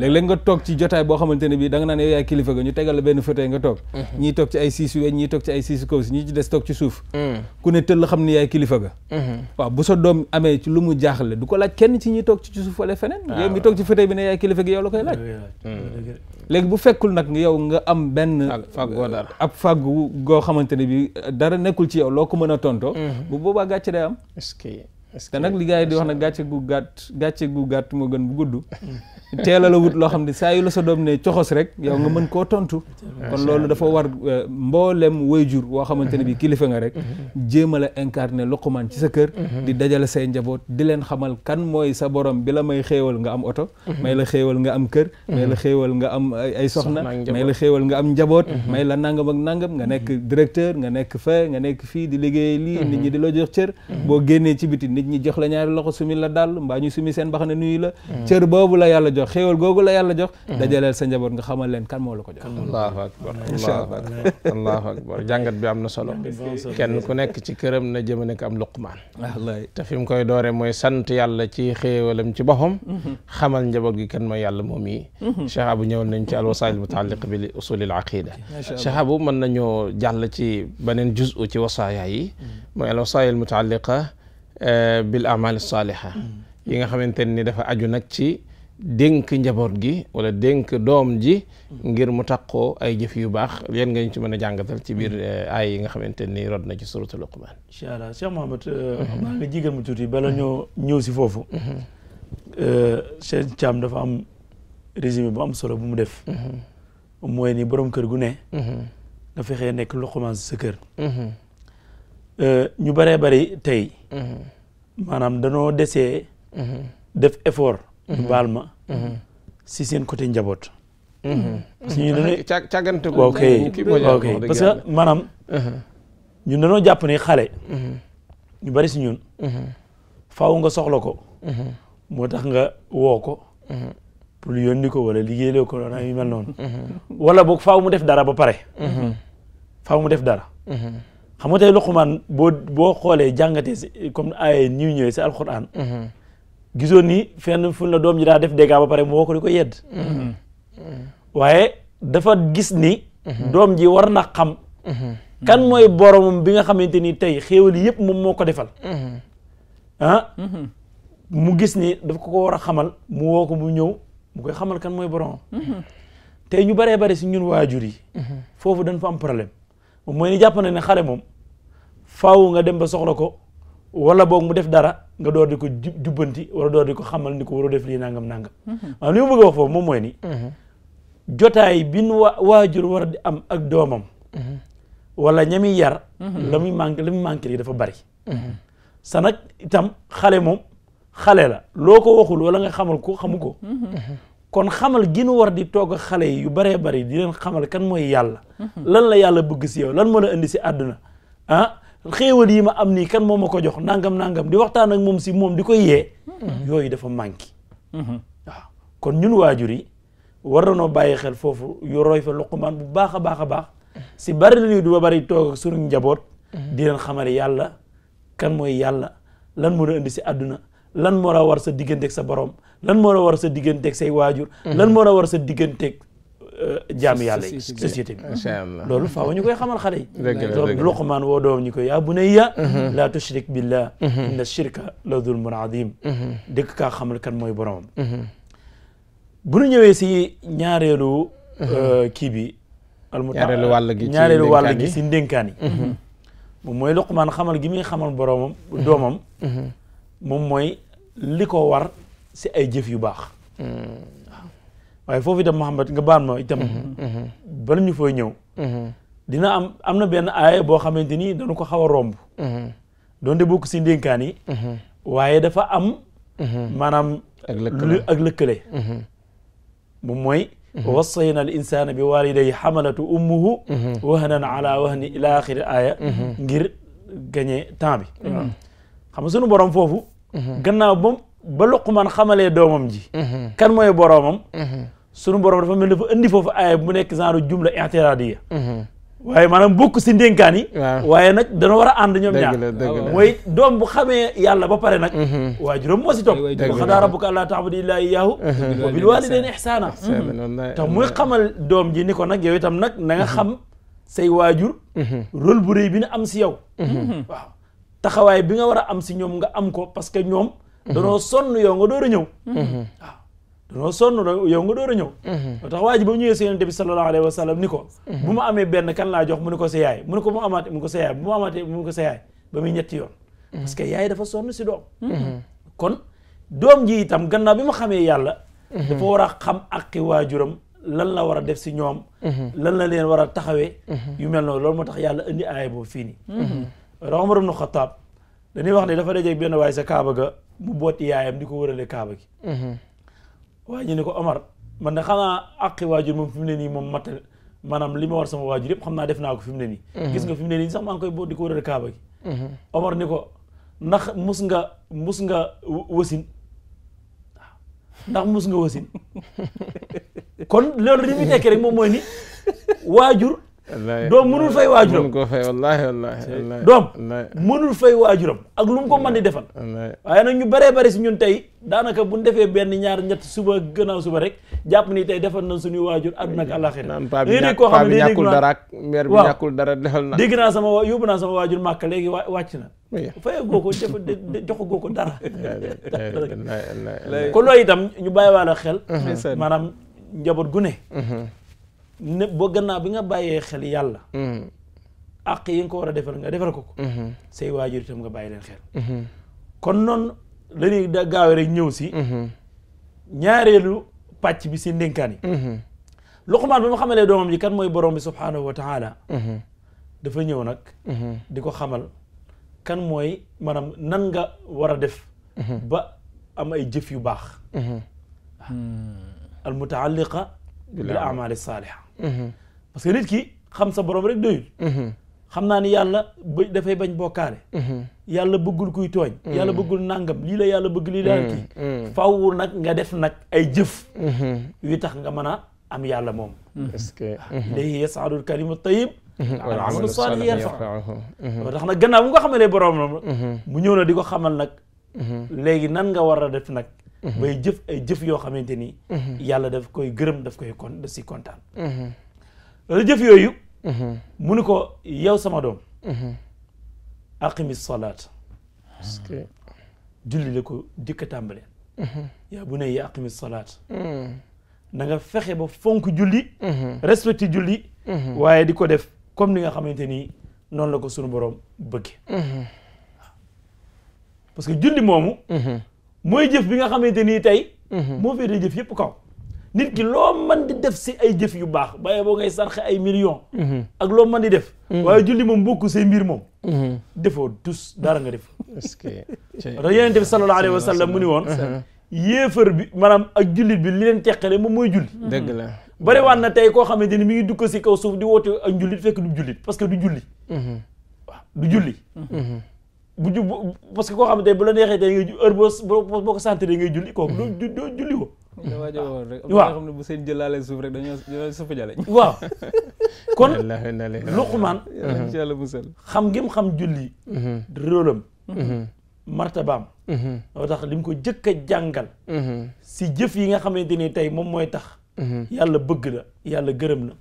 léeg-léeg nga toog ci jotaay boo xamante ne bii da nga naan yow yaay kilifa ga ñu tegal la benn fauteuil nga toog mhm. ñii toog ci ay siisu weñ ñii toog ci ay siisu kaw si mhm. ku ne tëll xam ni yaay kilifa mhm. waaw bu sa doom amee ci lu mu jaaxle du ko laaj kenn ci ñi toog ci suuf wala feneen ah, yow mi toog ci fauteuil bi ne yaay kilifa gi yow la koy laaj mm. léegi bu fekkul nag yow nga am benn ab fàggu goo xamante ne bi dara nekkul ci yow loo ko mën a tontoo bu boobaa gàcce day am te nag li di wax na gàcce gu gàtt gàcce gu gàtt moo gën bu gudd hmm. teela la wut loo xam ne saa yu la sa doom ne coxos rek yow nga mën koo tontu kon loolu dafa war euh, mboolem jur woo xamante ne bi kilifa nga rek mm-hmm. jéem a la incarné Luqmaan ci sa kër mm-hmm. di dajale say njaboot di leen xamal kan mooy sa borom bi la may xéewal nga am oto mm-hmm. may la xéewal nga am kër may la xéewal nga am ay soxna may la xéewal nga am njaboot may la nangam ak nangam nga nekk directeur nga nekk fee nga nekk fii di liggéey lii nit ñi di la jox cër boo génnee ci biti nit ñi jox la ñaari loxo sumi la dàll mbaa ñu seen baxana nuyu la la jox xéewal googu la yàlla jox mhm. dajaleel la ko jox allahu akbar allahu akbar allahu akbar jàngat bi am na solo kenn ku nekk ci këram na jëmane ko am luqmaan te fi mu koy doore mooy sant yàlla ci xéewalam ci boppam mhm. xamal njaboot gi kan mooy yàlla moom yi mhm. cheikh abu ñëwal nañ ci alwasail mutaalliq bi usulil aqida cheikh abu mën nañoo jàll ci beneen juzu ci wasaaya yi mooy alwasail mutaalliqa eh, bil amal saliha yi nga xamante ni dafa aju ci dénk njaboot gi wala dénk doom ji ngir mu taqoo ay jëf yu baax yan nga ñu ci mën a jàngatal ci biir eh, ay yi nga xamante ni rod na ci suratul Luqmaan incha allah Cheikh Mouhamed eh, maa nga tuuti bala ñoo ñëw si foofu mm-hmm. eh, Cheikh Thiam dafa am résumé bu am solo bu mu def mm-hmm. ni borom kër gu ne mm-hmm. nekk Luqmaan sa kër ñu bëree bari tey maanaam danoo desee def effort ñu mhm. ma mhm. si seen côté njaboot mhm. parce que ñu dañoo càggante ko ok ok maanaam ñun dañoo jàpp ne xale ñu bari si ñun faw nga soxla ko moo tax nga woo ko pour yónni ko wala liggéeyale ko wala yu mel wala boog faw mu def dara ba pare faaw mu def dara xam nga tey Luqmaan boo boo xoolee jàngatee si comme ay ñiw ñëwee si alquran gisoon ni fenn fu la doom ji daa def dégâts ba pare moo ko di ko yedd waaye dafa gis ni doom ji war na xam kan mooy boromam bi nga xamante ni tey xéewal yëpp moom moo ko defal ah mu gis ni daf ko ko war a xamal mu woo ko mu ñëw mu koy xamal kan mooy boromam tey ñu baree bari si ñun waajur yi foofu dañ fa am problème mooy ni jàpp na ne xale moom faaw nga dem ba soxla ko wala boog mu def dara nga door di ko jubbanti wala door di ko xamal ni ko waroo def lii nangam nangam. maanaam mhm. li ma bëgg a wax foofu moom mooy ni. Mhm. jotaay bi wa waajur war di am ak doomam. Mhm. wala ña yar. la muy manqué la muy dafa bari. sa nag itam xale moom xale la loo ko waxul wala nga xamal ko xamu ko. kon xamal gi nu war di toog a xale yu bari di leen xamal kan mooy yàlla. lan la yàlla bëgg si yow lan moo la indi si àdduna ah xéewal yi ma am nii kan moo ma ko jox nangam nangam di waxtaan ak moom si moom di ko yee. yooyu dafa manqué. Mhm. waaw kon ñun waajur yi war nañoo bàyyi xel foofu yu roy fa Luqmaan bu baax a baax a baax si bari la ñuy du ba bari toog ak sunu njaboot. Mhm. di leen xamal yàlla kan mooy yàlla lan moo la indi si adduna lan moo la war sa digganteeg sa borom lan moo la war sa digganteeg say waajur. Mhm. lan moo la war sa digganteeg jaam yàlla yi société bi mhm. loolu faaw ñu koy xamal xale yi woo doom ñu koy yaa bunayya mhm. tushrik billah mhm. inna shirka la zulmun adim dëkk kaa xamal kan mooy boromam bu ñu si ñaareelu euh, kii bi almuta ñaareelu wàll gi ñaareelu wàll gi si ndénkaan yi moom mooy gi muy xamal boromam doomam moom mooy liko ko war si ay jëf yu baax waaye foofu itam Mouhamed nga baal ma itam. Mhm, mhm. bala ñu fooy ñëw. Mhm. dina am am na benn aaya boo xamante ni dañu ko xaw a romb. doonte bokk si ndénkaan yi. waaye dafa am. maanaam. ak lëkkale ak lëkkale. moom mooy. wassayna al insaana bi waalidayhi xamalatu ummuhu. wahnan ala wahni ila axiri aaya. ngir gagné temps bi. xam sunu borom foofu. gannaaw ba ba man xamalee doomam ji. Mhm. kan mooy boroomam. Mhm. sunu borom dafa mel dafa indi foofu aaya bu nekk genre jumla i'tiraadiya mhm. waaye a bokk si ndénkaan yi waaye nag dana war a ànd ñoom ñaar ah, mooy doom bu xamee yàlla ba pare nag waajuram moo si topp wa qadaa rabbuka allaa ta'budu illaa iyyaahu wa bil waalidayni ihsaana te muy xamal doom ji ni ko nag yow itam nag na nga say waajur rôle bu bi na am si yow waaw taxawaay bi nga war am si ñoom nga am ko parce que ñoom danoo mhm. sonn yow nga door a ñëw waaw mhm. ah, danoo sonn yow nga door a ñëw mhm. moo tax waa ji ba mu ñëwee si yonente bi sallallahu alayhi ni ko bu ma amee benn kan laa jox mu ne ko sa yaay mu ne ko mu amaate mu ko sa yoon parce que yaay dafa sonn si doom kon doom ji itam gannaaw bi ma xamee yàlla dafa war a xam aqi waajuram lan la war a def si ñoom lan la leen war a taxawee yu mel noonu loolu moo tax yàlla indi aaya boobu fii nii Omar ibn Khattab dañuy wax ne dafa dajeeg benn waay sa kaaba ga mu booti yaayam di ko wërale kaaba gi mhm. waaye ñu ne ko Omar man de xanaa àqi waajur moom fi mu ne nii moom mat maanaam li ma war sama waajur yëpp xam naa def naa ko fi mu ne nii mhm. gis nga fi mu ne nii sax maa koy boot di ko wërale kaaba gi mhm. Omar ni ko ndax mus nga mus nga wasin ndax mus nga wasin kon loolu li muy tekki rek moom mooy ni waajur doom mënul fay waajuram doom mënul fay waajuram ak lu ko man di defal waaye nag ñu baree bari si ñun tey daanaka buñ defee benn ñaar ñett suba gannaaw suba rek jàpp nii tey defal nañ suñuy waajur àdduna ak àlaxira léegi koo xam ne ñàkkul dara ak mère bi ñàkkul dara defal na dégg naa sama yóbbu naa sama waajur màkk léegi wa wàcc na faye goo ko def jox goo ko dara kon ñu bàyyi waale xel mhm. maanaam njaboot gu ne mhm. ne boo gannaaw bi nga bàyyee xel yàlla. Mm-hmm. àq yi nga ko war a defal nga defal ko ko. Mm-hmm. say waajur itam nga bàyyi leen xel. Mm-hmm. kon noonu dañuy da gaawe rek ñëw si. ñaareelu pàcc bi si ndénkaan yi. Luqmaan bi mu xamalee doomam ji kan mooy borom bi subhaanahu wa taala. dafa ñëw nag. di ko xamal kan mooy maanaam nan nga war a def. ba am ay jëf yu baax. Hmm. al mutaalliqa bil amali Mhm. parce que nit ki xam sa borom rek doyul mhm. xam naa ni yàlla ba dafay bañ bokkaale mhm. yàlla bëggul kuy tooñ yàlla bëggul nàngam lii la yàlla bëgg lii daal kii nag nga def nag ay jëf yu tax nga mën a am yàlla moom est-ce que ah, ilayhi yasaadul kalimu tayyib wal amalu saalih yarfa'uhu tax nag gannaaw bu nga xamalee borom la mu ñëw di ko xamal nag léegi nan nga war a def nag Mm-hmm. bay jëf ay jëf yoo xamante ni mm-hmm. yàlla daf koy gërëm daf koy kon daf si kontaan mm-hmm. la jëf yooyu mu ni ko yow sama doom aqimi salaat julli la ko jëkk tàmbale yaa bu ne ya aqimi salaat na fexe ba fonk julli respecté julli waaye di ko def comme ni nga xamante ni noonu la ko sunu borom bëgge parce que julli moomu mooy jëf bi nga xamante nii tey mhm. moo féetee jëf yëpp kaw nit ki loo man di def si ay jëf yu baax waaye boo ngay sarxe ay million mhm. ak loo mën di def mhm. waaye julli moom bokku say mbir moom defoo tus dara nga def te yonent bi sallallahu alayhi wa sallam mu ni woon yéefar bi maanaam ak jullit bi li leen teqale moom mooy julli dëgg la bari waan na tey koo xamante ni mu ngi dugg si kaw suuf di woote ak jullit fekk du jullit parce que du julli waaw du julli bu ju parce que koo xam ne bu la neexee tey nga heure boo boo ko sentir ngay julli kooku du du julli ko. waaw waaw xam ne bu seen jëlaalee suuf rek dañoo dañoo suuf jale waaw kon Luqmaan. incha allah musal xam ngim xam julli. Mhm. rôlam. Mhm. martabaam. Mhm. moo tax li mu ko jëkk a jàngal. si jëf yi nga xamante ni tey moom mooy tax. yàlla bëgg la yàlla gërëm la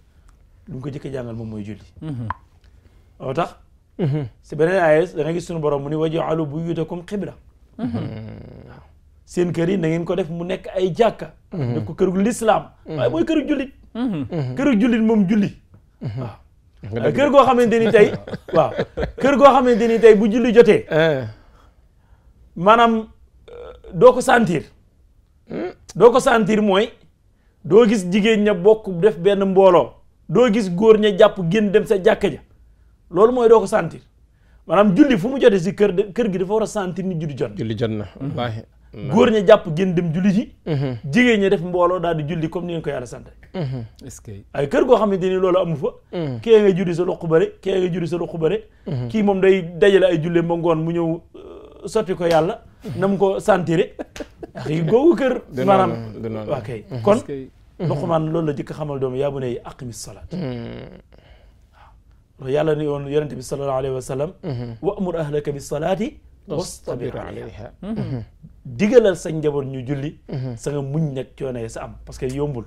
li ko jëkk a jàngal moom mooy julli. moo tax. si beneen ayes da nga gis suñu borom mu ni waj'alu buyutakum xibla waaw seen kër yi na ngeen ko def mu nekk ay jàkka def ko këru lislaam waaye mooy këru jullit këru jullit moom julli waaw kër goo xamante ni tey waaw goo xamante ni tey bu julli jote eh. maanaam eh, doo ko santir hmm? doo ko santir mooy doo gis jigéen ña bokk def benn mbooloo doo gis góor ña jàpp génn dem sa jàkka ja loolu mooy doo ko sentir maanaam julli fu mu jotee si kër kër gi dafa war a sentir ni julli jot julli jot na wallaahi mm-hmm. góor ña jàpp gën dem julli ji mm-hmm. jigéen ña def mbooloo daal di julli comme ni ngeen ko yàlla sant mm-hmm. que ay kër goo xamante ni loolu amu fa kii nga julli sa loqu bare kii nga julli sa loqu bare kii moom day dajale ay julli moo ngoon mu ñëw uh, sotti ko yàlla na mu ko sentire axi googu kër maanaam waa kay kon Luqmaan loolu la jëkk xamal doomu yaa bunayya aqimi salaat loolu yàlla ni woon yonente bi sallallahu alayhi wa sallam mhm. wa amur ahlaka mhm. Mhm. sa njaboot ñu julli sa nga muñ nag coono yi sa am parce que yombul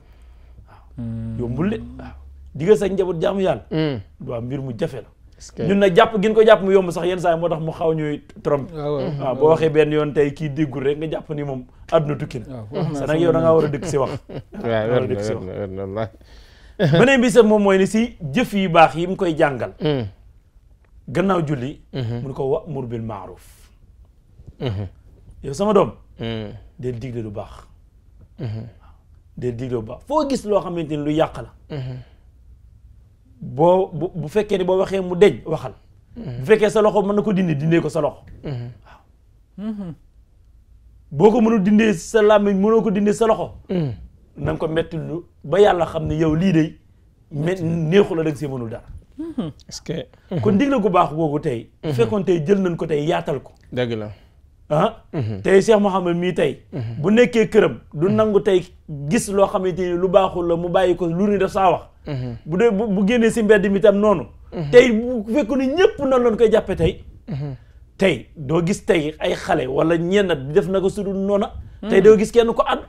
waaw mm. njaboot jaamu yàlla mm. waaw mbir mu jafe la ñun na jàpp gin ko jàpp mu yomb sax yenn saa yi moo tax mu xaw ñuy trompe ah waaw boo waxee benn yoon tey kii déggul rek nga jàpp ni moom àdduna tukki na ah, sa nag yow da war a dëkk si wax waaw war a dëkk si wax beneen bi sax moom mooy ni si jëf yu baax yi mu koy jàngal. Mm. gannaaw julli. Mm-hmm. mun ko wa mur bil maaruf. Mm-hmm. yow sama doom. Mm. del digle lu baax. Mm-hmm. del digle lu baax foo gis loo xamante ni lu yàq la. boo bu bu fekkee ni boo waxee mu deñ waxal. bu fekkee sa loxo mën na ko dindi dindee ko sa loxo. boo ko mënul dindee sa làmmiñ mënoo ko dindee sa loxo. Mm. na ko metti lu ba yàlla xam ne yow lii de mais neexu la da nga see mënul dara. est-ce que. kon ndigal gu baaxu googu tey. fekkoon tey jël nañ ko tey yaatal ko. dëgg la. ah. Mhm. tey xam ne mii tey. Mhm. bu nekkee këram du nangu tey gis loo xamante ni lu baaxul la mu bàyyi ko lu ni def saa wax. Mhm. bu dee bu génnee si mbedd mi tam noonu. tey bu fekkoon ne ñëpp noonu lañ koy jàppee tey. tey doo gis tey ay xale wala ñenn def na ko su dul noona. tey doo gis kenn ko ànd.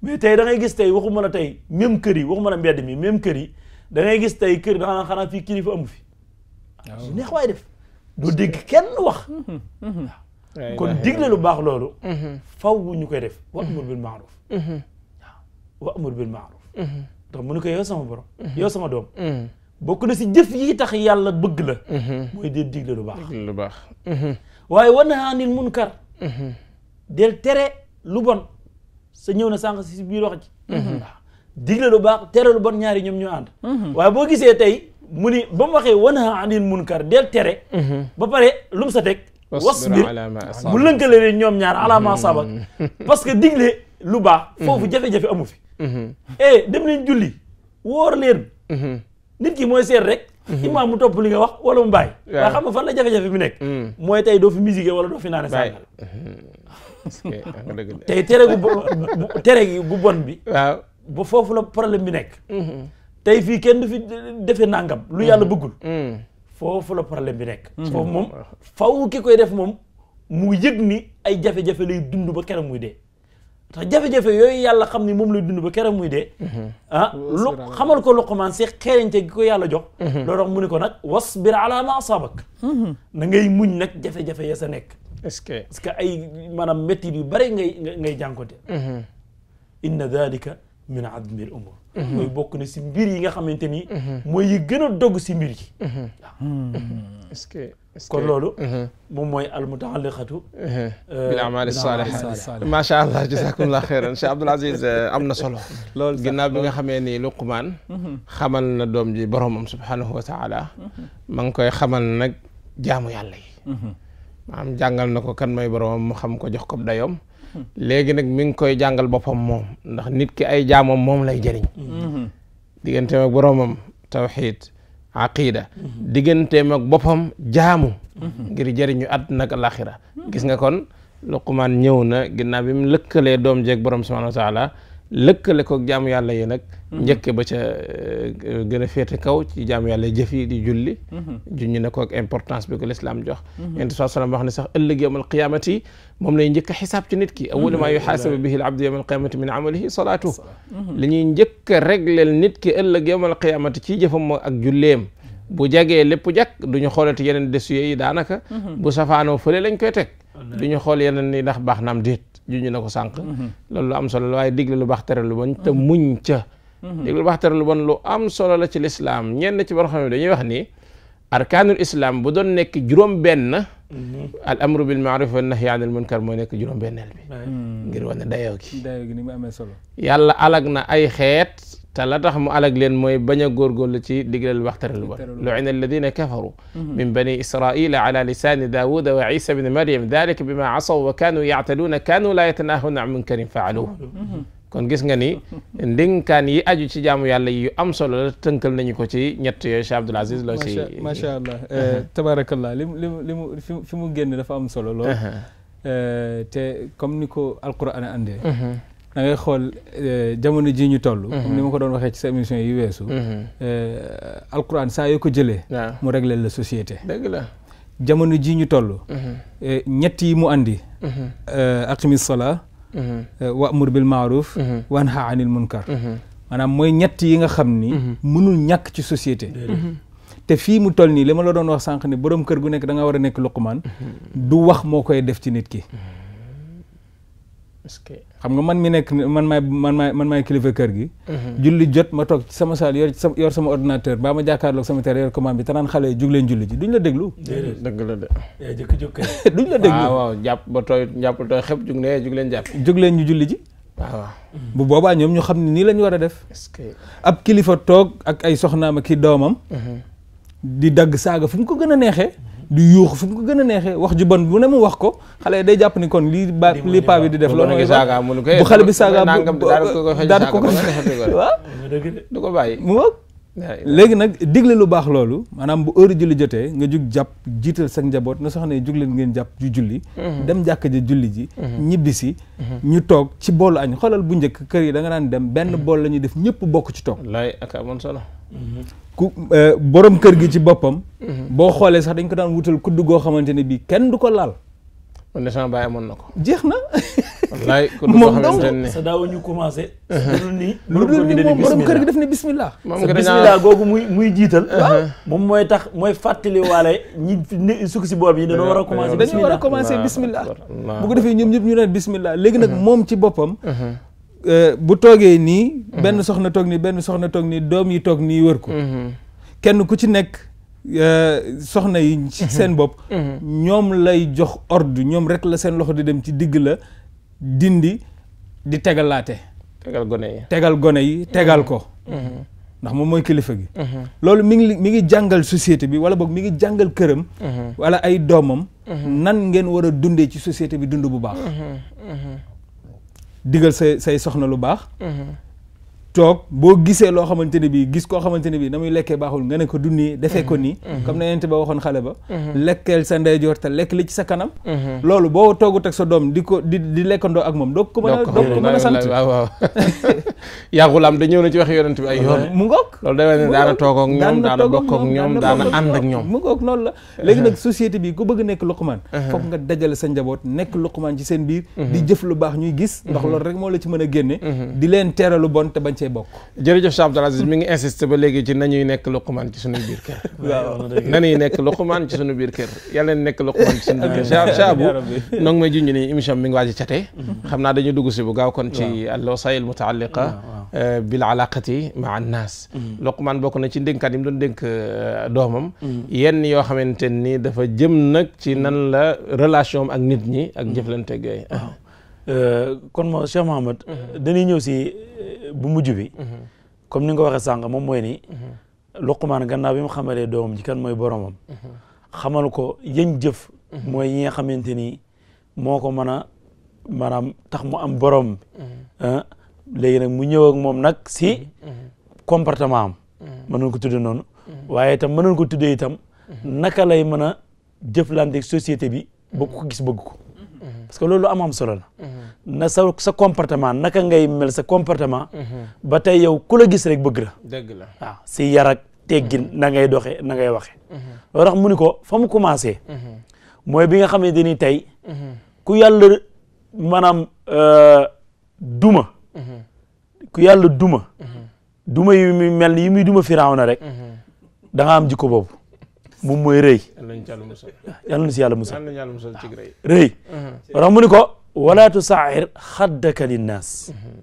mais tey da ngay gis tey waxuma la tey même kër yi waxuma a mbedd mi même kër yi da ngay gis tey kër da nga xanaa fii kilifa amu fi. Ah, waaw neex waay def. doo dégg kenn wax. Hmm, hmm, hmm. kon digle lu baax loolu. Mm-hmm. faw ñu koy def wa amur bil maaruf. Mm-hmm. waaw wa amur bil mm-hmm. ko yow sama borom. yow sama doom. bokk na si jëf yi tax yàlla bëgg la. mooy dee digle lu baax. lu baax. waaye wa nahaa anil munkar. del tere lu bon. sa ñëw na sànq si biir wax ji mhm. digle lu baax tere lu bon ñaari ñoom ñoo ànd mhm. waaye boo gisee tey mu ni ba mu waxee wanha anil munkar del tere mhm. ba pare lu mu sa teg wasbir mu lënkale leen ñoom ñaar ala ma sabak parce que digle lu baax foofu jafe-jafe amu fi eh dem leen julli wóor leen nit ki mooy seer rek Mm-hmm. imaam mu topp li nga wax wala mu bàyyi waaye xam nga fan la jafe-jafe bi nekk mm. mooy tey doo fi musique wala doo fi naane sàngal mm-hmm. tere gu bon bi waaw ba foofu la problème bi nekk mm-hmm. tey fii kenn du fi defe nangam lu yàlla bëggul mm. foofu la problème bi nekk foofu moom faw ki koy def moom mu yëg ni ay jafe-jafe lay dund ba keneen muy dee tax jafe-jafe yooyu yàlla xam ni moom la dund ba keroog muy dee mhm. ah lu xamal ko Luqmaan si xereñte gi ko yàlla jox mhm. loolu tax mu ne ko nag wasbir ala ma asabak mhm. na ngay muñ nag jafe-jafe ya sa nekk est-ce que parce que ay maanaam méttit yu bari ngay ngay jànkoonte inna dalika min azmi al umur mooy bokk na si mbir yi nga xamante ni mooy yi gën a dogg si mbir yi waaw kon loolu mhm. moom mooy almutaalliqatu mhm. euh, bil amali saaliha macha allah jazakumullah xeyran cheikh aziz euh, am na solo loolu ginnaaw bi nga xamee ni luqmaan mhm. xamal na doom ji boromam subhanahu wa taala ma ngi koy xamal nag jaamu yàlla yi maanaam jàngal na ko kan mooy boromam mu xam ko jox ko dayoom léegi nag mi ngi koy jàngal boppam moom ndax nit ki ay jaamam moom lay jëriñ digganteem ak boromam tawxiid aqida diggante ak boppam jaamu ngir jariñu àdduna ak alaxira gis nga kon luqumaan ñëw na ginnaaw bi mu lëkkalee doom jeeg borom subhanahu wa taala lëkkale ko jaamu yàlla yi nag Mm-hmm. njëkke ba ca eh, gën a féete kaw ci jaam yàlla jëf yi di julli mm-hmm. junñu ne ko ak importance bi ko lislaam jox mm-hmm. yonent bi sallam wax ne sax ëllëg yawmal qiyaamati moom lay njëkk a xisaab ci nit ki awwalu maa yuxaasabu bihi al abdu yawmal qiyaamati min amalihi salaatu li ñuy njëkk a régleel nit ki ëllëg yawmal qiyaamati ci jëfam ak julleem bu jagee lépp jag duñu xoolati yeneen dossiers yi daanaka bu safaanoo fële lañ koy teg duñu xool yeneen ni ndax baax naam déet juñu na ko sànq loolu am solo waaye digle lu baax tere lu bañ te muñ ca Mm-hmm. déglul waxtaan lu bon lu am solo la ci lislaam ñenn ci borom xam ne dañuy wax ni arkaanul islam bu doon nekk juróom benn mm-hmm. al amru bil maaruf wa nahyi anil munkar mooy nekk juróom benneel bi mm. ngir wane dayoo gi dayoo gi ni mu amee solo yàlla alag na ay xeet te la tax mu alag leen mooy bañ a góorgóorlu ci digleel waxtaan lu bon lu'ina alladina kafaru mm-hmm. min bani israila ala lisani daawuda wa isa bni maryam dalika bima asaw wa kanu yactaluuna kanu laa yatanaahawna an munkarin faaluhu kon gis nga ni ndénkaan yi aju ci jaamu yàlla yu am solo la tënkal nañu ko ci ñett yooyu Cheikh Abdoul Aziz loo ci macha allah eh, uh-huh. tabaarakallah li mu mu li mu fi dafa am solo lool uh-huh. eh, te comme ni ko alquran a ande uh-huh. da ngay xool eh, jamono ji ñu toll comme ni ma ko doon waxee ci sa émission yi weesu alquran saa yoo ko jëlee mu régler la societé dëgg la jamono ji ñu toll ñett yi mu andi aqimis salaa Mm-hmm. Uh, wa'mur bil maaruf mm-hmm. wanha anil munkar mm-hmm. maanaam mooy ñett yi nga xam ni mënul ñàkk ci société te fii mu toll nii li ma la doon wax sànq ni boroom kër gu nekk da nga war a nekk luqmaan du wax moo koy def ci nit ki xam nga man mi nekk man maay man maay man maay kilifa kër gi. Mhm. julli jot ma toog sama saal yor sama ordinateur baa ma jàkkaarloog sama télé yor commande bi te naan xale yi jug leen julli ji duñ la déglu. déedéet dëgg la de. yaa jëkk jóg kay duñ la déglu jàpp ba tooy jàppul tooy xëpp jug nee jug ñu julli ji. waaw bu boobaa ñoom ñu xam ne nii la ñu war a def. est-ce que ab kilifa toog ak ay soxnaam ak ki doomam. Mhm. di dagg saaga fu mu ko gën a neexee. di yuux fu mu ko gën a neexee wax ju bon bu ne mu wax ko xale day jàpp ni kon lii baa lii paa bi di def loolu bu xale bi eh, saaga daal ko ko waaw du ko bàyyi mu léegi nag digle lu baax loolu maanaam bu heure julli jotee nga jug jàpp jiital sag njaboot na soxna yi jug leen ngeen jàpp ju julli mhm. dem jàkk ja julli ji mhm. ñibbisi mhm. ñu toog ci boolu añ xoolal bu njëkk kër yi da nga daan dem benn bool lañuy def ñëpp bokk ci toog lay ak amoon solo ku eh, boroom kër gi ci boppam boo xoolee sax dañ ko daan wutal kudd goo xamante ne bii kenn du ko laal man de na ko jeex na wallaay ku dugg moom dong daaw ñu commencé. lu dul ni moom borom kër gi def ne bismillah. moom gën bismillah muy jiital. moom mooy tax mooy fàttali waale ñi sukk si boor bi dañoo war a commencé. dañoo war a commencé bismillah bu ko defee ñoom ñëpp ñu naan nag moom ci boppam. Euh, bu toogee nii. benn soxna toog nii benn soxna toog nii doom yi toog nii wër ko. kenn ku ci nekk. Euh, soxna yi ci seen bopp ñoom lay jox ordre ñoom rek la seen loxo di dem ci digg la dindi di tegalaate tegal gone yi tegal gone yi tegal ko mm-hmm. ndax moom mooy kilifa gi mm-hmm. loolu mi ngi mi ngi jàngal société bi wala boog mi ngi jàngal këram mm-hmm. wala ay doomam nan ngeen war a dundee ci société bi dund bu baax digal say soxna lu baax toog boo gisee loo xamante ne bii gis koo xamante ne bii na muy lekkee baaxul nga ne ko du nii defee ko mhm. nii mhm. comme na yent ba waxoon xale ba mhm. lekkeel sa ndeyjoor te lekk li ci sa kanam loolu boo toogut ak sa doom di ko di lekk lekkandoo ak moom doog ko a doog ko a sant waaw da ñëw na ci wax yonent bi ay yoon mu ngoog loolu day wane ne daana toog ak ñoom daana bokk ak ñoom daana ànd ak ñoom mu la léegi nag société bi ku bëgg nekk luqmaan uh-huh. foog nga dajale sa njaboot nekk luqmaan ci seen biir uh-huh. di jëf lu baax ñuy gis ndax uh-huh. loolu rek moo la ci mën a génne di leen teeralu bon te bañ see bokk. jërëjëf Cheikh Abdoul Aziz mi ngi insisté ba léegi ci nañuy nekk luqmaan ci sunu biir kër. waaw nañuy nekk luqmaan ci sunu biir kër yàlla na nekk luqmaan ci sunu biir kër. Cheikh Abou noo ngi may junj ni émission mi ngi waaj a cate. Mhm. xam naa dañu dugg si bu gaaw kon ci al wasail mutaalliqa euh, bil alaqati ma annaas. Mhm. luqmaan bokk na ci ndénkaat yi mu doon dénk euh, doomam. Mhm. yenn yoo xamante ni dafa jëm nag ci nan la relation ak nit ñi ak jëflante ak Euh, kon moo Cheikh Mouhamed mhm. euh, dañuy ñëw si euh, bu mujj bi mhm. comme ni nga ko waxee sànq moom mooy ni mhm. Luqmaan gannaaw bi mu xamalee doomam ji kan mooy boromam xamal ko yéen jëf mooy yi nga xamante ni moo ko mën a maanaam tax mu am borom ah, léegi nag mu ñëw ak moom nag si comportement am mënoon ko tudde noonu waaye itam mënoon ko tudde itam naka lay mën a jëflante société bi ba ko gis bëgg parce que loolu am am solo la. Mhm. na sa sa comportement naka ngay mel sa comportement. Mhm. ba tey yow ku la gis rek bëgg la. la waaw si yar ak teggin mhm. na ngay doxee na ngay loolu tax mu ni ko fa mu commencé. mooy bi nga xamante ni tey. ku yàlla maanaam euh, duma. ku yàlla duma. duma yu muy mel yi muy duma Firawna rek. da am jikko boobu. moom mooy rëy yal na si yàlla musal rëy wanax ah, uh-huh. mu ni ko wala tusaxir xaddaka linnaas uh-huh.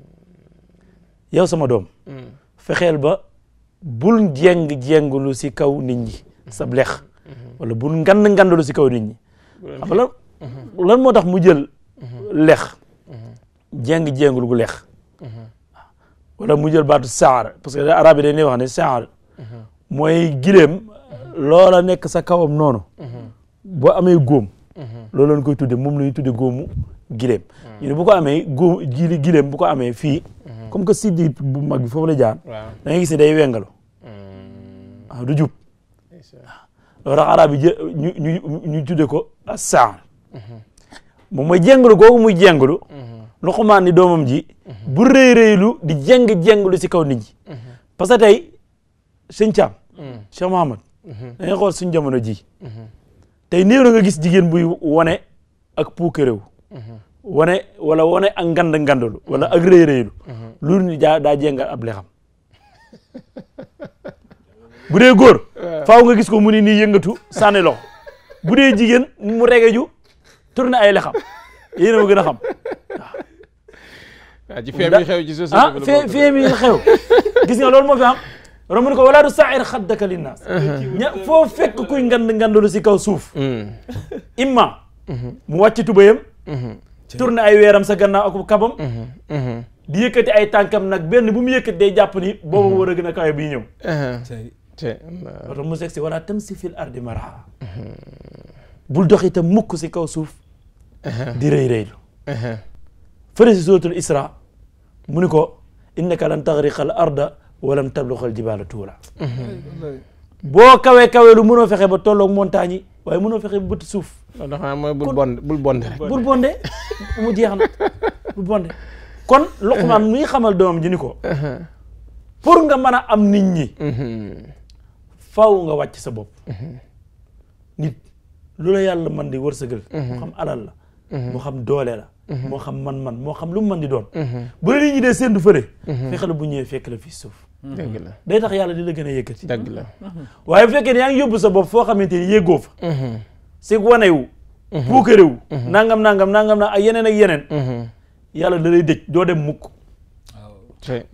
yow sama doom uh-huh. fexeel ba bul jéng-jénglu si kaw nit ñi sab leex walla bul ngand ngandalu si kaw nit ñi xam lan moo tax mu jël leex jéng-jénglu gu leex wala mu jël baatu saar parce que arab yi dañuy wax ne saar mooy gileem loola nekk sa kawam noonu mhm. boo amee góom mhm. loolu lañ koy tudde moom la ñuy tudde góomu gileem mhm. ñu bu ko amee góom jili gileem bu ko amee fii comme que siddi bu mag bi foofu la jaar da ngay gis ne day wengalu waaw du jub waaw loolu tax arab yi jë ñu ñu ñu tudde ko saar moom mooy jéngalu googu muy jéngalu Luqmaan ni doomam ji bu rëy rëylu di jéng jéngalu si kaw nit ñi parce que tey sëñ dañuy xool suñ jamono ji tey néew na nga gis jigéen buy wane ak puukaréew wane wala wane ak ngand ngandalu wala ak rëy rëylu lu ñu daa daa jéngal ab lexam bu dee góor faaw nga gis ko mu ni nii yëngatu sànni loxo bu dee jigéen mu rege ju tourné ay lexam yéen a ma gën ah, gis nga loolu moo fi am. romb ni ko walaadu saair xaddaka linnaas ña foo fekk kuy ngand ngandalu si kaw suuf mm. imma mhm. mu wàcc tubayam mhm. tourné ay weeram sa gannaaw ak kabam mhm. di yëkkati ay tànkam nag benn bu mu yëkkati day jàpp ni boobu war a gën a kawe bii ñëw wata mu segsi wala tamsi fil ardi maraha bul dox mukk si kaw suuf di rëy rëylu fëri si suratul isra mu ni ko innaka lan taxriqa al arda walam tabluxal jibaala tuula boo kawee kawe lu mënoo fexe ba tollook montagne waaye mënoo fexe ba bëtt suuf dafa mooy bul bonde bul bonde bul bonde mu jeex na bul bonde kon muy xamal doomam ji ni ko pour nga mën a am nit ñi faw nga wàcc sa bopp nit lu yàlla man di wërsëgal mu xam alal la mu xam doole la Mm-hmm. moo xam man-man moo xam lu mu mën di doon mm-hmm. bu la nit ñi dee séntu fële mm-hmm. fexeel bu ñëwee fekk la fi suuf dëgg day tax yàlla di la gën a yëkkati dëgg la waaye bu fekkee yaa ngi yóbbu sa bopp foo xamante ni yéegoo fa si wanewu puukarewu nangam nangam nangam na ak yeneen ak yeneen yàlla da lay dëj doo dem mukk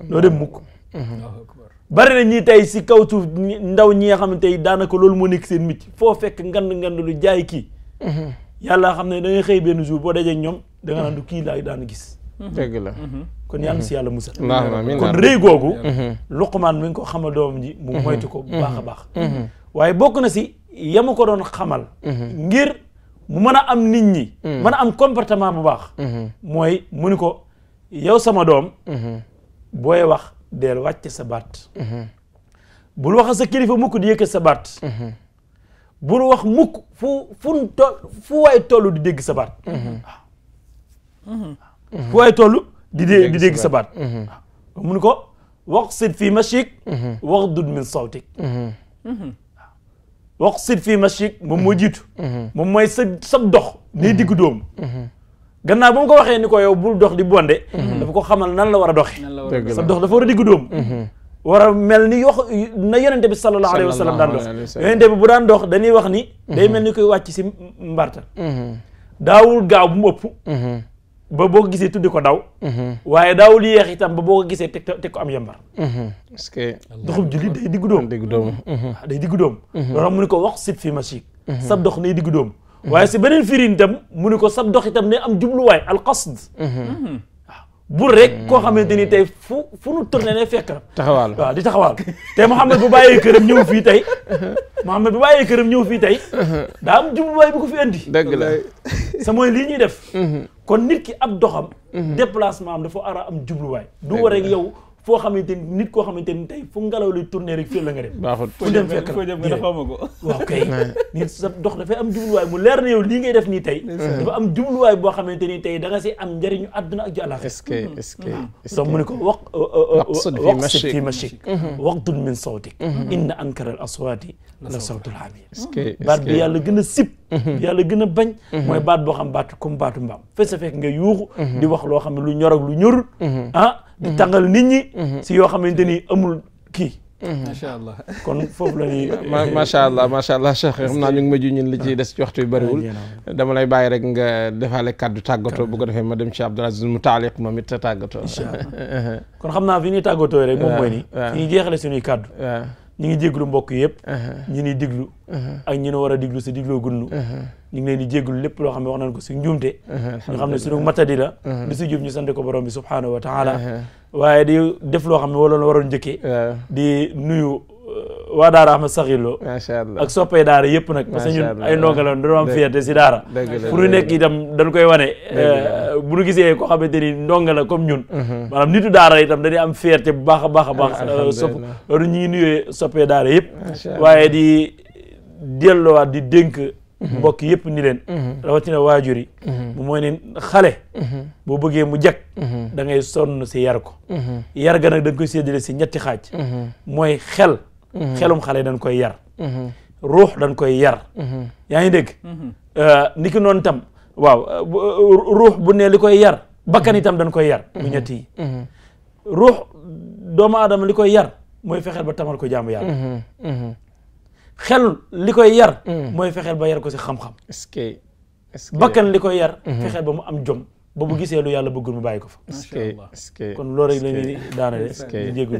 doo dem mukk bari na ñi tey si kaw suuf ndaw ñi nga ne ni daanaka loolu moo nekk seen micc foo fekk ngand ngand lu jaay kii yàlla xam ne da ngay xëy benn jour boo dajee ñoom da nga naan du kii laay daan gis. la. Mhm. kon yal na si yàlla musal. kon rëy googu. Mhm. Luqmaan mi ngi ko xamal doom ji. mu mhm. moytu ko bu baax a baax. waaye bokk na si yama ko doon xamal. ngir mu mën a am nit ñi. mën a am comportement bu baax. mooy mu ko yow sama doom. booy wax deel wàcc sa baat. bul wax sa kilifa mukk di yëkkat sa baat. bul wax mukk fu fu mu toll fu waay toll di dégg sa baat. Ah. fu waay toll di dee di sabaat sa mhm. Mhm. mu ni ko wax sid fii machik mhm. wax dud min sawtik wax sid fii machik moom moo jiitu moom mooy sa sab dox nii diggu dóomu gannaaw ba mu ko waxee ni ko yow bul dox di bonde dafa ko xamal nan la war a doxee sa dox dafa war a diggu dóomu war a mel ni wax na yonente bi sallallahu alayhi wa sallam daan dox yonente bi bu daan dox dañuy wax ni day mel ni koy wàcc si mbarta daawul gaaw bu mu ba boo gisee tuddi ko daw mhm. waaye daaw yéex itam ba boo gisee teg teg ko am yembar parce mhm. que doxub julli day diggu doom diggu doom day diggu doom mhm. ah, loolu mu ni ko wax sit fi machik sab dox nay diggu doom waaye si beneen firin itam mu ni ko sab dox tam ne am jumluwaay al bul rek koo xamante ni tey fu fu nu tourné ne fekk na. taxawaal waaw di taxawaal te Mouhamed bu bàyyee këram ñëw fii tey Mouhamed bu bàyyee këram ñëw fii tey daa am jubluwaay bu ko fi andi. dëgg la sa mooy lii ñuy def. Mhm. kon nit ki ab doxam. Mhm. déplacement am dafa war a am jubluwaay. du war rek foo xamante ni nit koo xamante ni tey fu ngelaw li tourné rek fii la nga dem. fu dem fekk la nga xamoo ko. waaw kay nit sa dox dafay am jubluwaay mu leer na yow def nii tey. dafa am jubluwaay boo xamante ni tey da nga si am njëriñu àdduna ak ju àllaaxira. est-ce que mm-hmm. mm-hmm. mu ne ko wax. Euh, euh, euh, waqsud fi machik waqsud fi machik. Mm-hmm. waqdud min sawtik. inna ankara al aswaati la sawtul hamiir. est-ce yàlla gën a sib. yàlla gën a bañ. mooy baat boo xam baatu comme baatu mbaam. fekk nga yuuxu. di wax loo xam ne lu ñor ak lu ñorul ah di tàngal nit mhm. si yoo xamante ni amul kii. Mhm. macha allah kon foofu la ñuy. macha allah macha allah xam naa ñu ngi ma ñun li ci ah. des ci waxtu bi bëriwul. dama lay bàyyi rek nga defaale kàddu tàggatoo bu ko defee ma dem ci Abdoul Aziz mu taaliq moom it tàggatoo. incha kon xam naa fi ñuy tàggatoo rek. moom mooy ah, ni ah. ñu jeexale suñuy kàddu. ñu ngi jéglu mbokk yëpp. ñu ngi diglu. Uh-huh. ak ñi nu war a diglu si digloo gunnu uh-huh. ñu ngi leen di jéggul lépp loo xam ne wax nañ ko si njuumte uh-huh. ñu xam ne suñu matadi la lu si jub ñu sant ko borom bi subhaanahu wa taala waaye di def loo xam ne wala la waroon njëkkee di nuyu uh, waa daara Ahmed sax Lo macha ak soppee daara yëpp nag parce que ñun ay ndongo la dañoo am si daara pour ñu nekk itam dañ koy wane uh, bu ñu gisee koo xamante ni ndongo la comme ñun maanaam nitu daara itam dañuy am fierté bu baax a baax a baax sopp loolu ñu ngi soppee daara yëpp waaye di delloowaat di dénk mhm. mbokk yëpp ni leen mhm. rawatina waajur yi mhm. bu mooy ne xale boo bëggee mu jag da ngay sonn si yar ko yar ga nag dañ koy séddale si ñetti xaaj mooy xel xelum xale dañ koy yar ruux dañ koy yar yaa ngi dégg euh, niki noonu tam waaw euh, ruux bu ne li koy yar bakkan tam dañ koy yar bu ñetti ruux doomu aadama li koy yar mooy fexeel ba tamal ko jaamu yàlla xel li koy yar. Mm. mooy fexeel ba yar ko si xam-xam. est-ce que bakkan li koy yar. Mm-hmm. fexeel ba mu am jom. ba mu mm. gisee lu yàlla bëggul mu bàyyi ko fa. est-ce que kon loolu rek la ñuy daanale.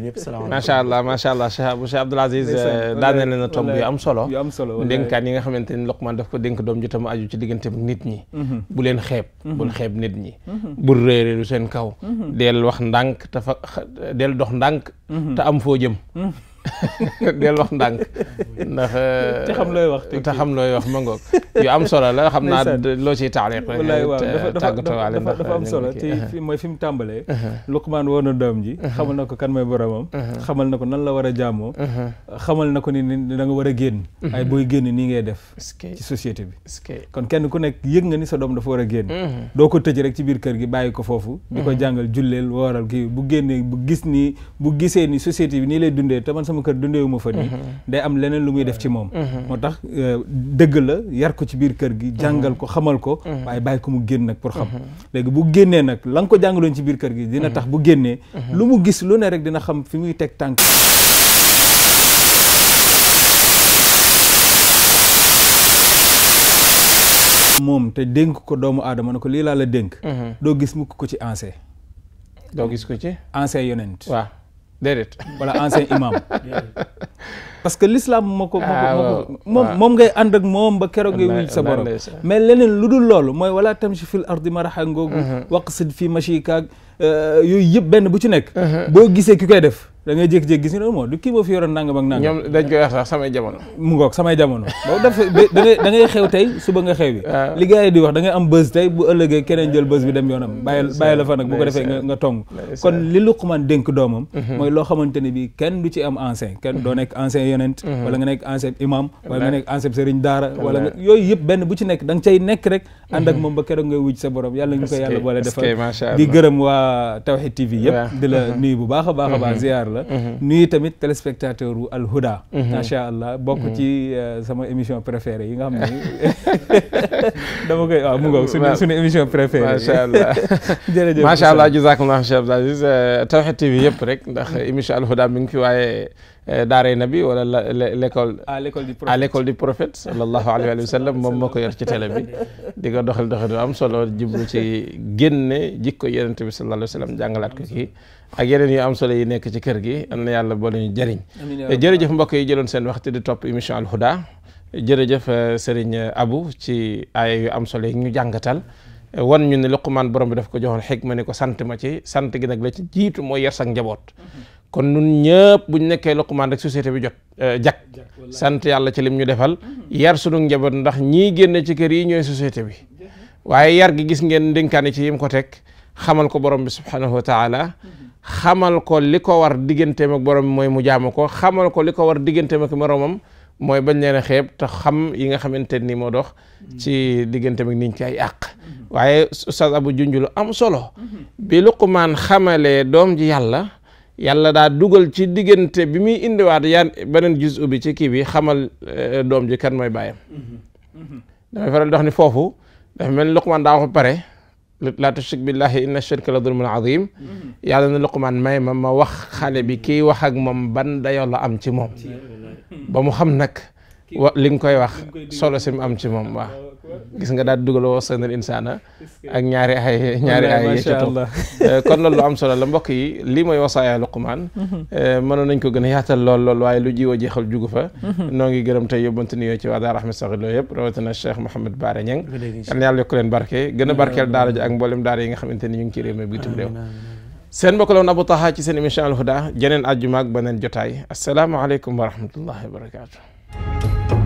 est allah macha allah Cheikh Abou Cheikh Abdoul Aziz euh, daanale na tomb yu am solo. yu am solo dénkaan yi nga xamante ni Luqman daf ko dénk doom jotam aju ci diggante ak nit ñi. Mm-hmm. bu leen xeeb. Mm-hmm. bul xeeb nit ñi. bul réeréeru seen kaw. del wax ndànk te fa del dox ndànk. te am foo jëm. del wax ndànk ndax. te xam looy wax te xam looy wax ma yu am solo la xam naa loo ciy taaliq rek. wallaay waaw dafa dafa dafa am solo te mooy fi mu tàmbalee. Uh-huh. Luqmaan woo na doom ji. Uh-huh. xamal na ko kan mooy boromam. Uh-huh. xamal na ko nan la war a jaamoo. xamal na ko ni da nga war a génn. ay booy génn nii ngay def. ci société bi. kon kenn ku nekk yëg nga ni sa doom dafa war a génn. doo ko tëj rek ci biir kër gi bàyyi ko foofu. di ko jàngal julleel wooral kii bu génnee bu gis nii bu gisee ni société bi nii lay dundee sama kër dundeewu ma fa nii mhm. day am leneen lu muy def ci moom mhm. moo tax euh, dëgg la yar ko ci biir kër gi mhm. jàngal ko xamal ko waaye bàyyi ko mu génn nag pour xam léegi bu génnee nag la ko jàngaloon ci biir kër gi dina tax bu génnee lu mu gis lu ne rek dina xam fi muy teg tànk moom te dénk ko doomu aadama ne ko lii laa la dénk doo gis mukk ko ci anse doo gis ko ci anse yonent déedéet wala ancien imam parce que l'islam moo ko ah, moom ah. moom ngay ànd ak moom ba keroog ngay wuy sa borom mais leneen lu dul loolu mooy wala tamshi fil ardi marahan googu mhm. waqsid fii mashikaak euh, yooyu yëpp benn bu ci nekk mhm. boo gisee ki koy def da ngay jékki-jékki gis ñu ne moo du kii moo fi yoroon nangam ak nangam ñoom dañ koy wax sax samay jamono mu ngoog jamono boobu daf da ngay da ngay xew tey suba nga xew bi ah. li gars yi di wax da ngay am bës tey bu ëllëgee keneen jël bës bi dem yoonam bàyyi mm-hmm. bàyyi la fa nag bu ko defee nga tong kon li Luqman dénk doomam mm-hmm. mooy loo xamante ne bi kenn du ci am ancien kenn doo mm-hmm. nekk ancien yonent mhm. wala nga nekk ancien imam wala nga nekk ancien sëriñ daara wala yooyu yëpp benn bu ci nekk da nga cay nekk rek ànd ak mhm. moom ba keroog ngay wuj sa borom yàlla ñu ko yàlla boole defal di gërëm waa Tawhid TV yëpp di la mhm. bu baax a baax a baax la nuyu tamit téléspectateur wu Al Huda macha allah bokk ci euh, sama émission préférée yi nga xam ne dama koy a mu ngoog suñu suñu émission préférée macha allah jërëjëf macha allah jazakumullah Cheikh Abdou Aziz euh, Tawhid TV yëpp rek ndax émission Al Huda mi ngi fi Euh, daaray nabi wala l' école à l' école du prophète sallallahu alayhi wa moom moo ko yor ci télé bi di ko doxal doxal am solo jublu ci génne jikko yonent bi sallallahu alayhi wa sallam jàngalaat ko kii ak yeneen yu am solo yi nekk ci kër gi am na yàlla boole ñu jëriñ euh, jërëjëf mbokk yi jëloon seen waxtu di topp émission Al Huda jërëjëf euh, sëriñ abu ci aaya yu am solo yi ñu jàngatal wan ñu ne Luqmaan borom bi daf ko joxoon xikma ne ko sant ma ci sant gi nag la ci jiitu mooy yar sa njaboot kon nun ñëpp buñ nekkee Luqmaan rek société bi jot euh, jak sant yàlla ci lim ñu defal mhm. yar sunu njaboot ndax ñii génn ci kër yi ñooy société bi waaye yar gi gis ngeen dénkaane ci yim ko teg xamal ko borom bi subhanahu wa taala mhm. xamal ko li ko war digganteem ak borom mooy mu jaamu ko xamal ko li ko war diggante digganteem ak moromam mooy bañ leen a xeeb te xam yi nga xamante nii moo dox mhm. ci diggante ak niñ ci ay àq waaye Oustaz Abou junjulu am solo bi Luqmaan xamalee doom ji yàlla yàlla daa dugal ci diggante bi muy indiwaat yaan beneen jus bi ci kii bi xamal euh, doom ji kan mooy bàyyam damay faral dox ni foofu dafa mel ni Luqmaan daa wax ba pare laa tushrik billahi inna shirka la dulmun azim yàlla na Luqmaan may ma ma wax xale bi kii wax ak moom ban dayoo la am ci moom ba mu xam nag wa li nga koy wax solo si am ci moom waaw gis nga daal di dugal wasanal insaana ak ñaari ay ñaari ay yeccato euh, kon loolu lu am solo la mbokk yi lii mooy wasaaya luqmaan mhm. euh, mënoon nañ ko gën a yaatal lool lool waaye lu jiwoo jeexal jugu fa mhm. noo ngi gërëm tey yóbbante nuyoo ci waa daara Ahmed Sakhir Lo yëpp rawatina Cheikh Mouhamed Bara Niang kan yàlla yokk leen barke gën a barkeel daara ji ak mboolem daara yi nga xamante ni ñu ngi ci réew mi bitim réew seen mbokk la woon Abou Taha